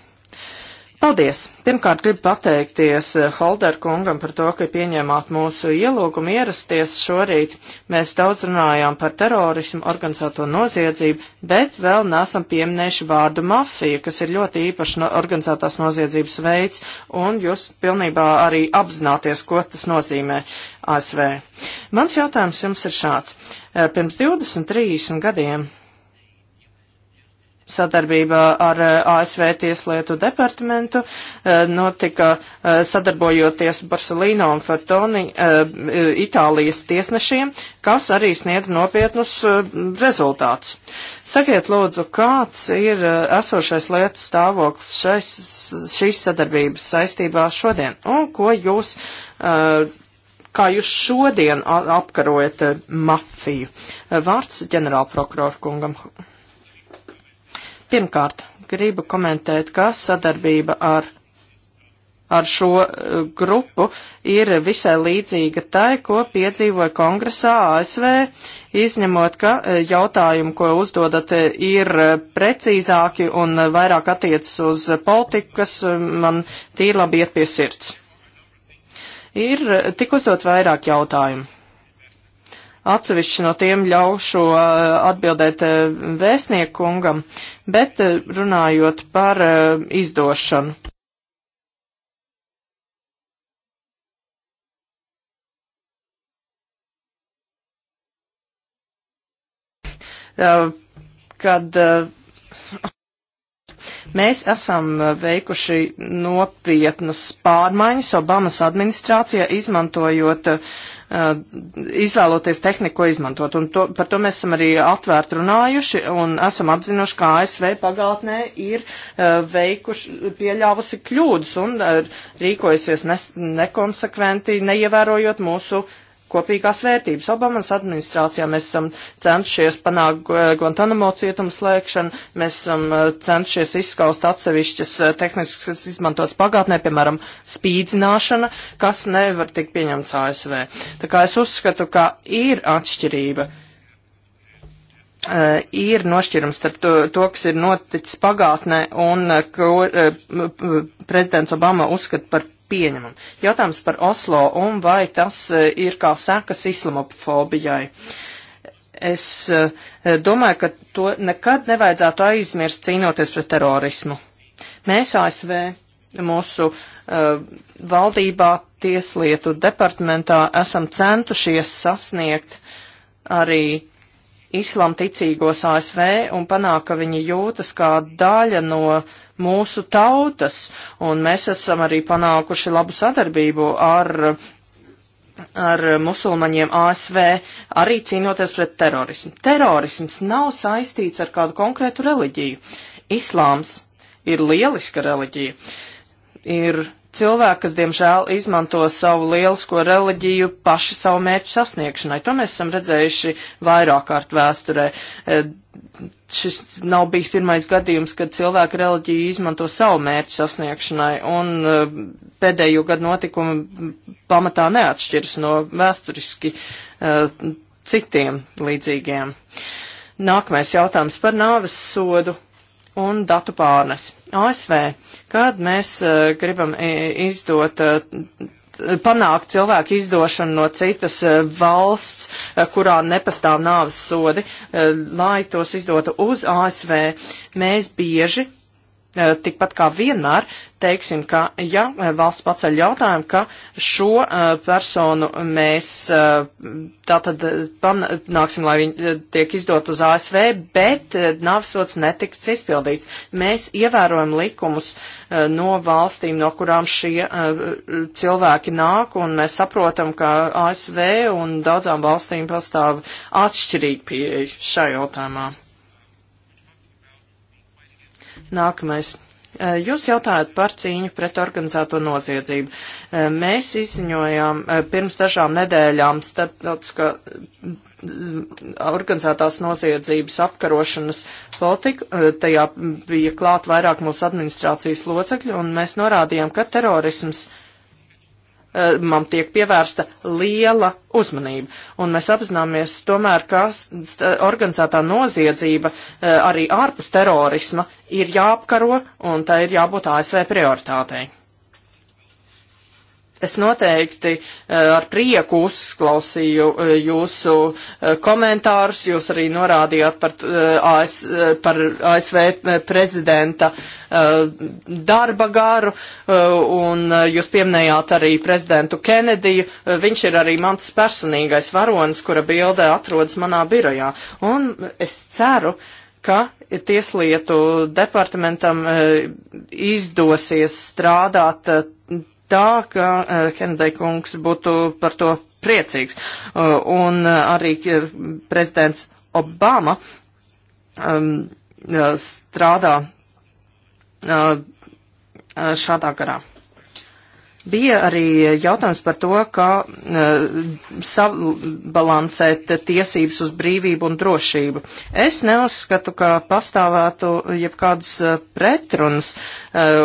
Paldies! Pirmkārt, gribu pateikties Holder eh, kungam par to, ka pieņēmāt mūsu ielūgumu ierasties šorīt. Mēs daudz runājām par terorismu, organizēto noziedzību, bet vēl nesam pieminējuši vārdu mafija, kas ir ļoti īpaši no organizētās noziedzības veids, un jūs pilnībā arī apzināties, ko tas nozīmē ASV. Mans jautājums jums ir šāds. Eh, pirms 20-30 gadiem sadarbībā ar eh, ASV Tieslietu departamentu eh, notika eh, sadarbojoties Barcelino un Fertoni Itālijas tiesnešiem, kas arī sniedz nopietnus rezultātus. Sakiet lūdzu, kāds ir esošais lietu stāvoklis šais, šīs sadarbības saistībā šodien un ko jūs, kā jūs šodien apkarojat mafiju? Vārds ģenerālprokurorkungam. kungam. Pirmkārt, gribu komentēt, ka sadarbība ar, ar šo eh, grupu ir visai līdzīga tai, ko piedzīvoja kongresā ASV, izņemot, ka eh, jautājumi, ko uzdodat, eh, ir precīzāki un vairāk attiecas uz politiku, kas man tīri labi iet pie sirds. Ir tik uzdot vairāk jautājumu. Atsevišķi no tiem ļaušu eh, atbildēt eh, vēstniekungam, bet eh, runājot par izdošanu. Kad Mēs esam veikuši nopietnas pārmaiņas Obamas administrācijā, izmantojot uh, Uh, izvēloties tehniku, ko izmantot. Un to, par to mēs esam arī atvērti runājuši un esam apzinuši, ka ASV pagātnē ir uh, veikuši, pieļāvusi kļūdas un uh, rīkojusies nes, nekonsekventi, neievērojot mūsu uh, kopīgās vērtības. Obamas administrācijā mēs esam centušies panākt eh, Guantanamo cietumu slēgšanu, mēs esam eh, centušies izskaust atsevišķas eh, tehniskas, kas izmantotas pagātnē, piemēram, spīdzināšana, kas nevar tikt pieņemts ASV. Tā kā es uzskatu, ka ir atšķirība. Uh, ir nošķirums starp to, to, kas ir noticis pagātnē un ko uh, prezidents Obama uzskata par pieņemam. Jautājums par Oslo un vai tas eh, ir kā sekas islamofobijai. Es eh, domāju, ka to nekad nevajadzētu aizmirst cīnoties pret terorismu. Mēs ASV mūsu uh, valdībā, tieslietu departamentā esam centušies sasniegt arī islam ticīgos ASV un panākt, ka viņi jūtas kā daļa no uh, mūsu tautas, un mēs esam arī panākuši labu sadarbību ar ar musulmaņiem ASV, arī cīnoties pret terorismu. Terorisms nav saistīts ar kādu konkrētu reliģiju. Islāms ir lieliska reliģija. Ir cilvēki, kas diemžēl izmanto savu lielisko reliģiju paši savu mērķu sasniegšanai. To mēs esam redzējuši vairāk kārt vēsturē. E, šis nav bijis pirmais gadījums, kad cilvēki reliģiju izmanto savu mērķu sasniegšanai, un e, pēdējo gadu notikumi pamatā neatšķiras no vēsturiski e, citiem līdzīgiem. Nākamais jautājums par nāves sodu un datu pārnes. ASV, kad mēs uh, gribam izdot, uh, panākt cilvēku izdošanu no citas uh, valsts, uh, kurā nepastāv nāves sodi, uh, lai tos izdotu uz ASV, mēs bieži Eh, tikpat kā vienmēr teiksim, ka ja eh, valsts paceļ jautājumu, ka šo eh, personu mēs tātad panāksim, lai viņi tiek izdot uz ASV, bet navsots netiks izpildīts. Mēs ievērojam likumus no valstīm, no kurām šie cilvēki nāk, un mēs saprotam, ka ASV un daudzām valstīm pastāv atšķirīgi pieeja šajā jautājumā. Nākamais. Eh, jūs jautājat par cīņu pret organizēto noziedzību. Eh, mēs izziņojām eh, pirms dažām nedēļām starptautiskā organizētās noziedzības apkarošanas politiku. Tajā bija klāt vairāk mūsu administrācijas locekļu, un mēs norādījām, ka terorisms Eh, man tiek pievērsta liela uzmanība. Un mēs apzināmies tomēr, ka organizētā noziedzība eh, arī ārpus terorisma ir jāapkaro un tā ir jābūt ASV prioritātei. Es noteikti eh, ar prieku uzklausīju eh, jūsu eh, komentārus. Jūs arī norādījāt par, AS, par ASV prezidenta darba garu, un jūs pieminējāt arī prezidentu Kenediju. Viņš ir arī mans personīgais varonis, kura bildē atrodas manā birojā. Un es ceru, ka tieslietu departamentam izdosies strādāt tā, ka Kennedy eh, kungs būtu par to priecīgs. Eh, un eh, arī prezidents Obama ehm, strādā šādā garā. Bija arī jautājums par to, kā eh, sabalansēt tiesības uz brīvību un drošību. Es neuzskatu, ka pastāvētu jebkādas eh, pretrunas eh,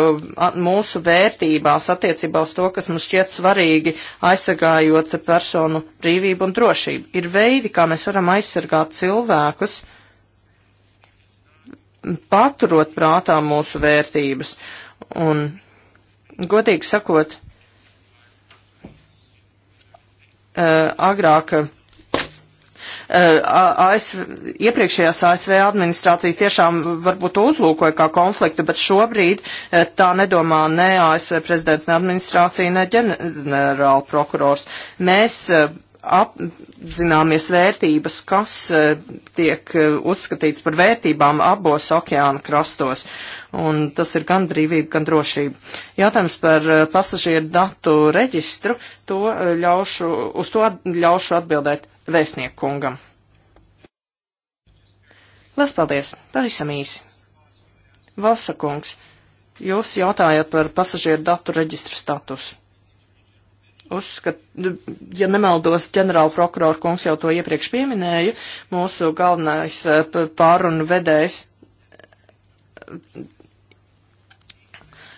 mūsu vērtībās attiecībā uz to, kas mums šķiet svarīgi aizsargājot personu brīvību un drošību. Ir veidi, kā mēs varam aizsargāt cilvēkus, paturot prātā mūsu vērtības. Un, godīgi sakot, Eh, agrāk eh, ASV, iepriekšējās ASV administrācijas tiešām varbūt to uzlūkoja kā konfliktu, bet šobrīd eh, tā nedomā ne ASV prezidents, ne administrācija, ne ģenerāla prokurors. Mēs apzināmies vērtības, kas e, tiek e, uzskatīts par vērtībām abos okeāna krastos. Un tas ir gan brīvība, gan drošība. Jātājums par e, pasažieru datu reģistru, to ļaušu, uz to ļaušu atbildēt vēstniekungam. Lielas paldies! Pavisam īsi. Valsakungs, jūs jautājat par pasažieru datu reģistru statusu uzskat, ja nemaldos, ģenerāla prokurora kungs jau to iepriekš pieminēja, mūsu galvenais eh, pārunu vedējs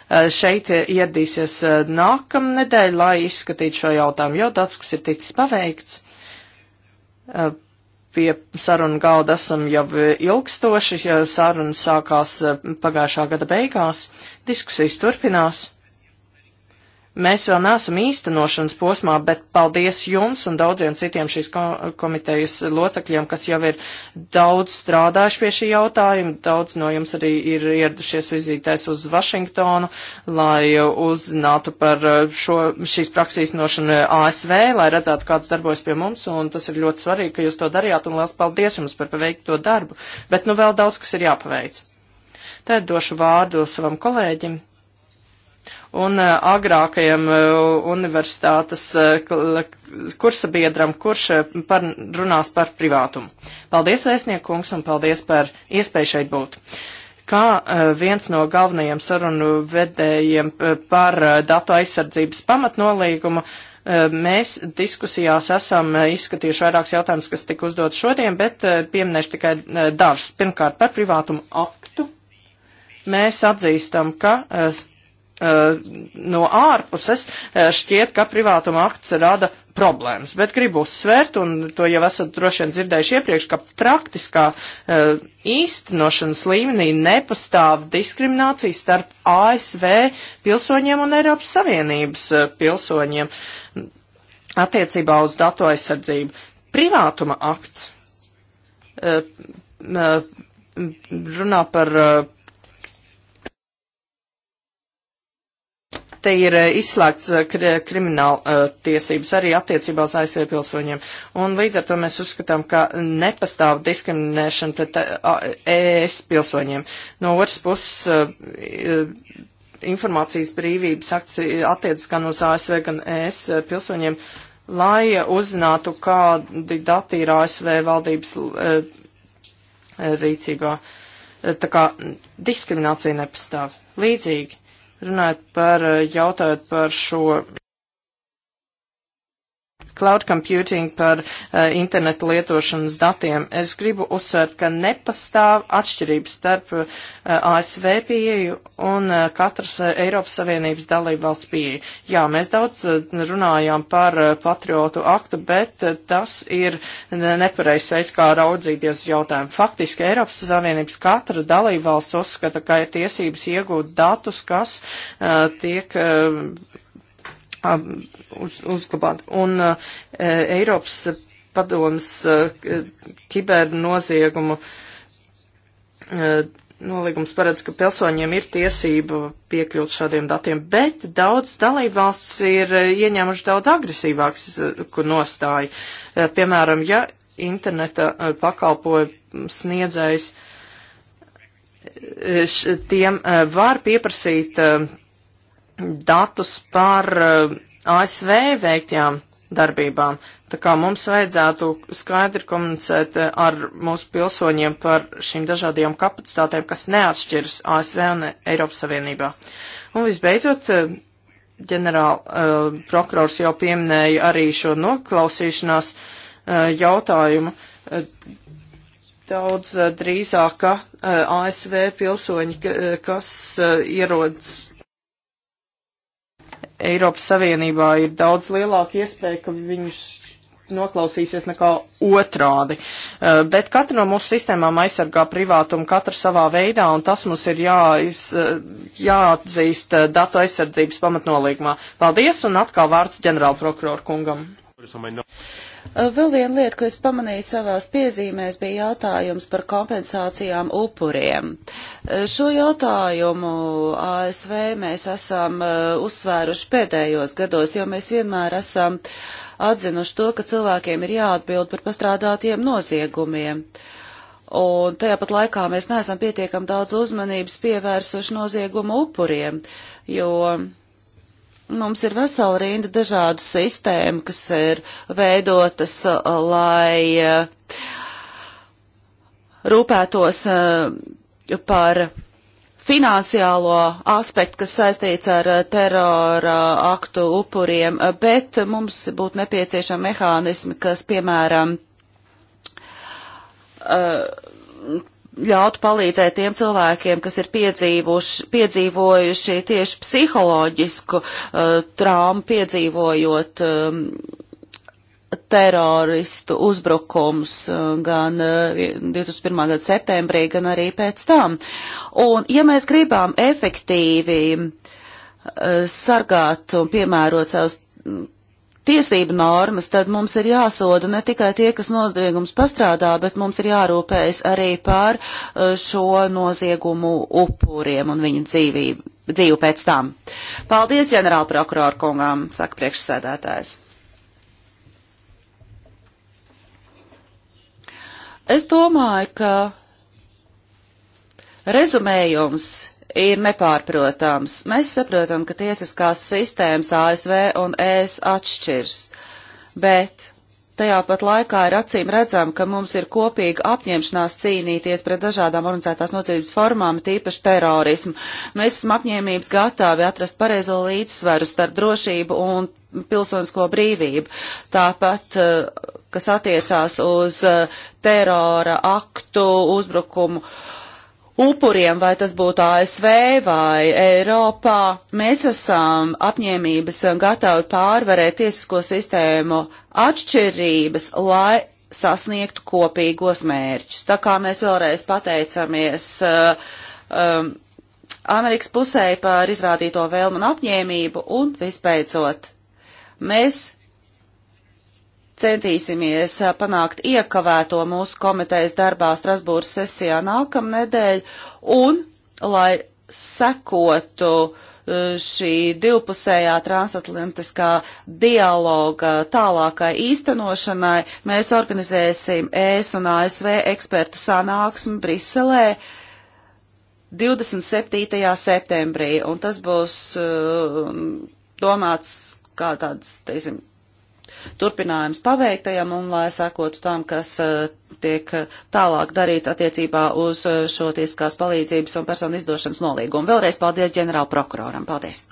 eh, šeit ieradīsies eh, nākamnedēļ, lai izskatītu šo jautājumu, jo tāds, kas ir ticis paveikts, pie sarunu galda esam jau ilgstoši, jo sarunas sākās pagājušā gada beigās, diskusijas turpinās Mēs vēl neesam īstenošanas posmā, bet paldies jums un daudziem citiem šīs komitejas locekļiem, kas jau ir daudz strādājuši pie šī jautājuma. Daudz no jums arī ir ieradušies vizītēs uz Vašingtonu, lai uzzinātu par šo, šīs prakses īstenošanu ASV, lai redzētu, kāds darbojas pie mums. Un tas ir ļoti svarīgi, ka jūs to darījāt un liels paldies jums par paveikto darbu. Bet nu vēl daudz, kas ir jāpaveic. Tad došu vārdu savam kolēģim un eh, agrākajam eh, universitātes eh, kursa biedram, kurš par, runās par privātumu. Paldies, vēstniekungs, un paldies par iespēju šeit būt. Kā viens no galvenajiem sarunu vedējiem par datu aizsardzības pamatnolīgumu, mēs diskusijās esam izskatījuši vairākus jautājumus, kas tika uzdot šodien, bet pieminēšu tikai dažus. Pirmkārt, par privātumu aktu. Mēs atzīstam, ka Eh, no ārpuses eh, šķiet, ka privātuma akts rada problēmas. Bet gribu uzsvērt, un to jau esat droši vien dzirdējuši iepriekš, ka praktiskā eh, īstenošanas līmenī nepastāv diskriminācija starp ASV pilsoņiem un Eiropas Savienības pilsoņiem attiecībā uz datu aizsardzību. Privātuma akts runā par te ir eh, izslēgts eh, kri krimināla uh, tiesības arī attiecībā uz ASV pilsoņiem. Un līdz ar to mēs uzskatām, ka nepastāv diskriminēšana pret uh, ES pilsoņiem. No otras puses, uh, informācijas brīvības akcija attiecas gan uz ASV, gan ES pilsoņiem, lai uzzinātu, kādi dati ir ASV valdības rīcībā. Tā kā diskriminācija nepastāv. Līdzīgi Runājot par, eh, jautājot par šo cloud computing par uh, eh, internetu lietošanas datiem. Es gribu uzsvērt, ka nepastāv atšķirības starp uh, eh, ASV pieeju un uh, katras uh, Eiropas Savienības dalību valsts pieeju. Jā, mēs daudz uh, runājām par uh, patriotu aktu, bet uh, tas ir nepareizs veids, kā raudzīties jautājumu. Faktiski Eiropas Savienības katra dalību valsts uzskata, ka ir tiesības iegūt datus, kas uh, tiek. Uh, Um, uz, uzglabāt. Un uh, e, Eiropas padomas uh, kibernoziegumu uh, nolīgums paredz, ka pilsoņiem ir tiesība piekļūt šādiem datiem, bet daudz dalībvalsts ir uh, ieņēmuši daudz agresīvāks uh, nostāju. Uh, piemēram, ja interneta pakalpojums sniedzējs tiem var pieprasīt datus par eh, ASV veiktajām darbībām. Tā kā mums vajadzētu skaidri komunicēt eh, ar mūsu pilsoņiem par šīm dažādajām kapacitātēm, kas neatšķiras ASV un Eiropas Savienībā. Un visbeidzot, eh, ģenerāla uh, prokurors jau pieminēja arī šo noklausīšanās uh, jautājumu. Uh, daudz drīzāk, ka ASV pilsoņi, kas ierodas Eiropas Savienībā ir daudz lielāka iespēja, ka viņus noklausīsies nekā otrādi. Eh, bet katra no mūsu sistēmām aizsargā privātumu katra savā veidā, un tas mums ir jāiz, eh, jāatzīst eh, datu aizsardzības pamatnolīgumā. Paldies, un atkal vārds ģenerālprokuroru kungam. Vēl viena lieta, ko es pamanīju savās piezīmēs, bija jautājums par kompensācijām upuriem. Šo jautājumu ASV mēs esam uzsvēruši pēdējos gados, jo mēs vienmēr esam atzinuši to, ka cilvēkiem ir jāatbild par pastrādātiem noziegumiem. Un tajā pat laikā mēs neesam pietiekam daudz uzmanības pievērsuši noziegumu upuriem, jo Mums ir vesela rinda dažādu sistēmu, kas ir veidotas, uh, lai uh, rūpētos uh, par finansiālo aspektu, kas saistīts ar terora aktu upuriem, bet mums būtu nepieciešami mehānismi, kas, piemēram, ļautu palīdzēt tiem cilvēkiem, kas ir piedzīvojuši tieši psiholoģisku uh, traumu, piedzīvojot um, teroristu uzbrukums uh, gan uh, 2001. gada septembrī, gan arī pēc tam. Un, ja mēs gribam efektīvi uh, sargāt un piemērot savus tiesību normas, tad mums ir jāsoda ne tikai tie, kas noziegums pastrādā, bet mums ir jārūpējas arī par uh, šo noziegumu upuriem un viņu dzīvību, dzīvu pēc tam. Paldies ģenerālprokuroru kungām, saka priekšsēdētājs. Es domāju, ka rezumējums ir nepārprotams. Mēs saprotam, ka tiesiskās sistēmas ASV un ES atšķirs, bet tajā pat laikā ir acīm redzam, ka mums ir kopīga apņemšanās cīnīties pret dažādām organizētās nocības formām, tīpaši terorismu. Mēs esam apņēmības gatavi atrast pareizo līdzsveru starp drošību un pilsonisko brīvību. Tāpat, eh, kas attiecās uz eh, terora aktu uzbrukumu. Uh, upuriem, vai tas būtu ASV vai Eiropā, mēs esam apņēmības gatavi pārvarēt tiesisko sistēmu atšķirības, lai sasniegtu kopīgos mērķus. Tā kā mēs vēlreiz pateicamies uh, um, Amerikas pusē par izrādīto vēlmu un apņēmību, un visbeidzot, mēs centīsimies panākt iekavēto mūsu komitejas darbā Strasbūras sesijā nākamnedēļ un lai sekotu šī divpusējā transatlantiskā dialoga tālākai īstenošanai, mēs organizēsim ES un ASV ekspertu sanāksmi Briselē 27. septembrī, un tas būs domāts kā tāds, teiksim, turpinājums paveiktajam un lai sekotu tam, kas eh, tiek eh, tālāk darīts attiecībā uz eh, šo tiesiskās palīdzības un personu izdošanas nolīgumu. Vēlreiz paldies ģenerālprokuroram. Paldies!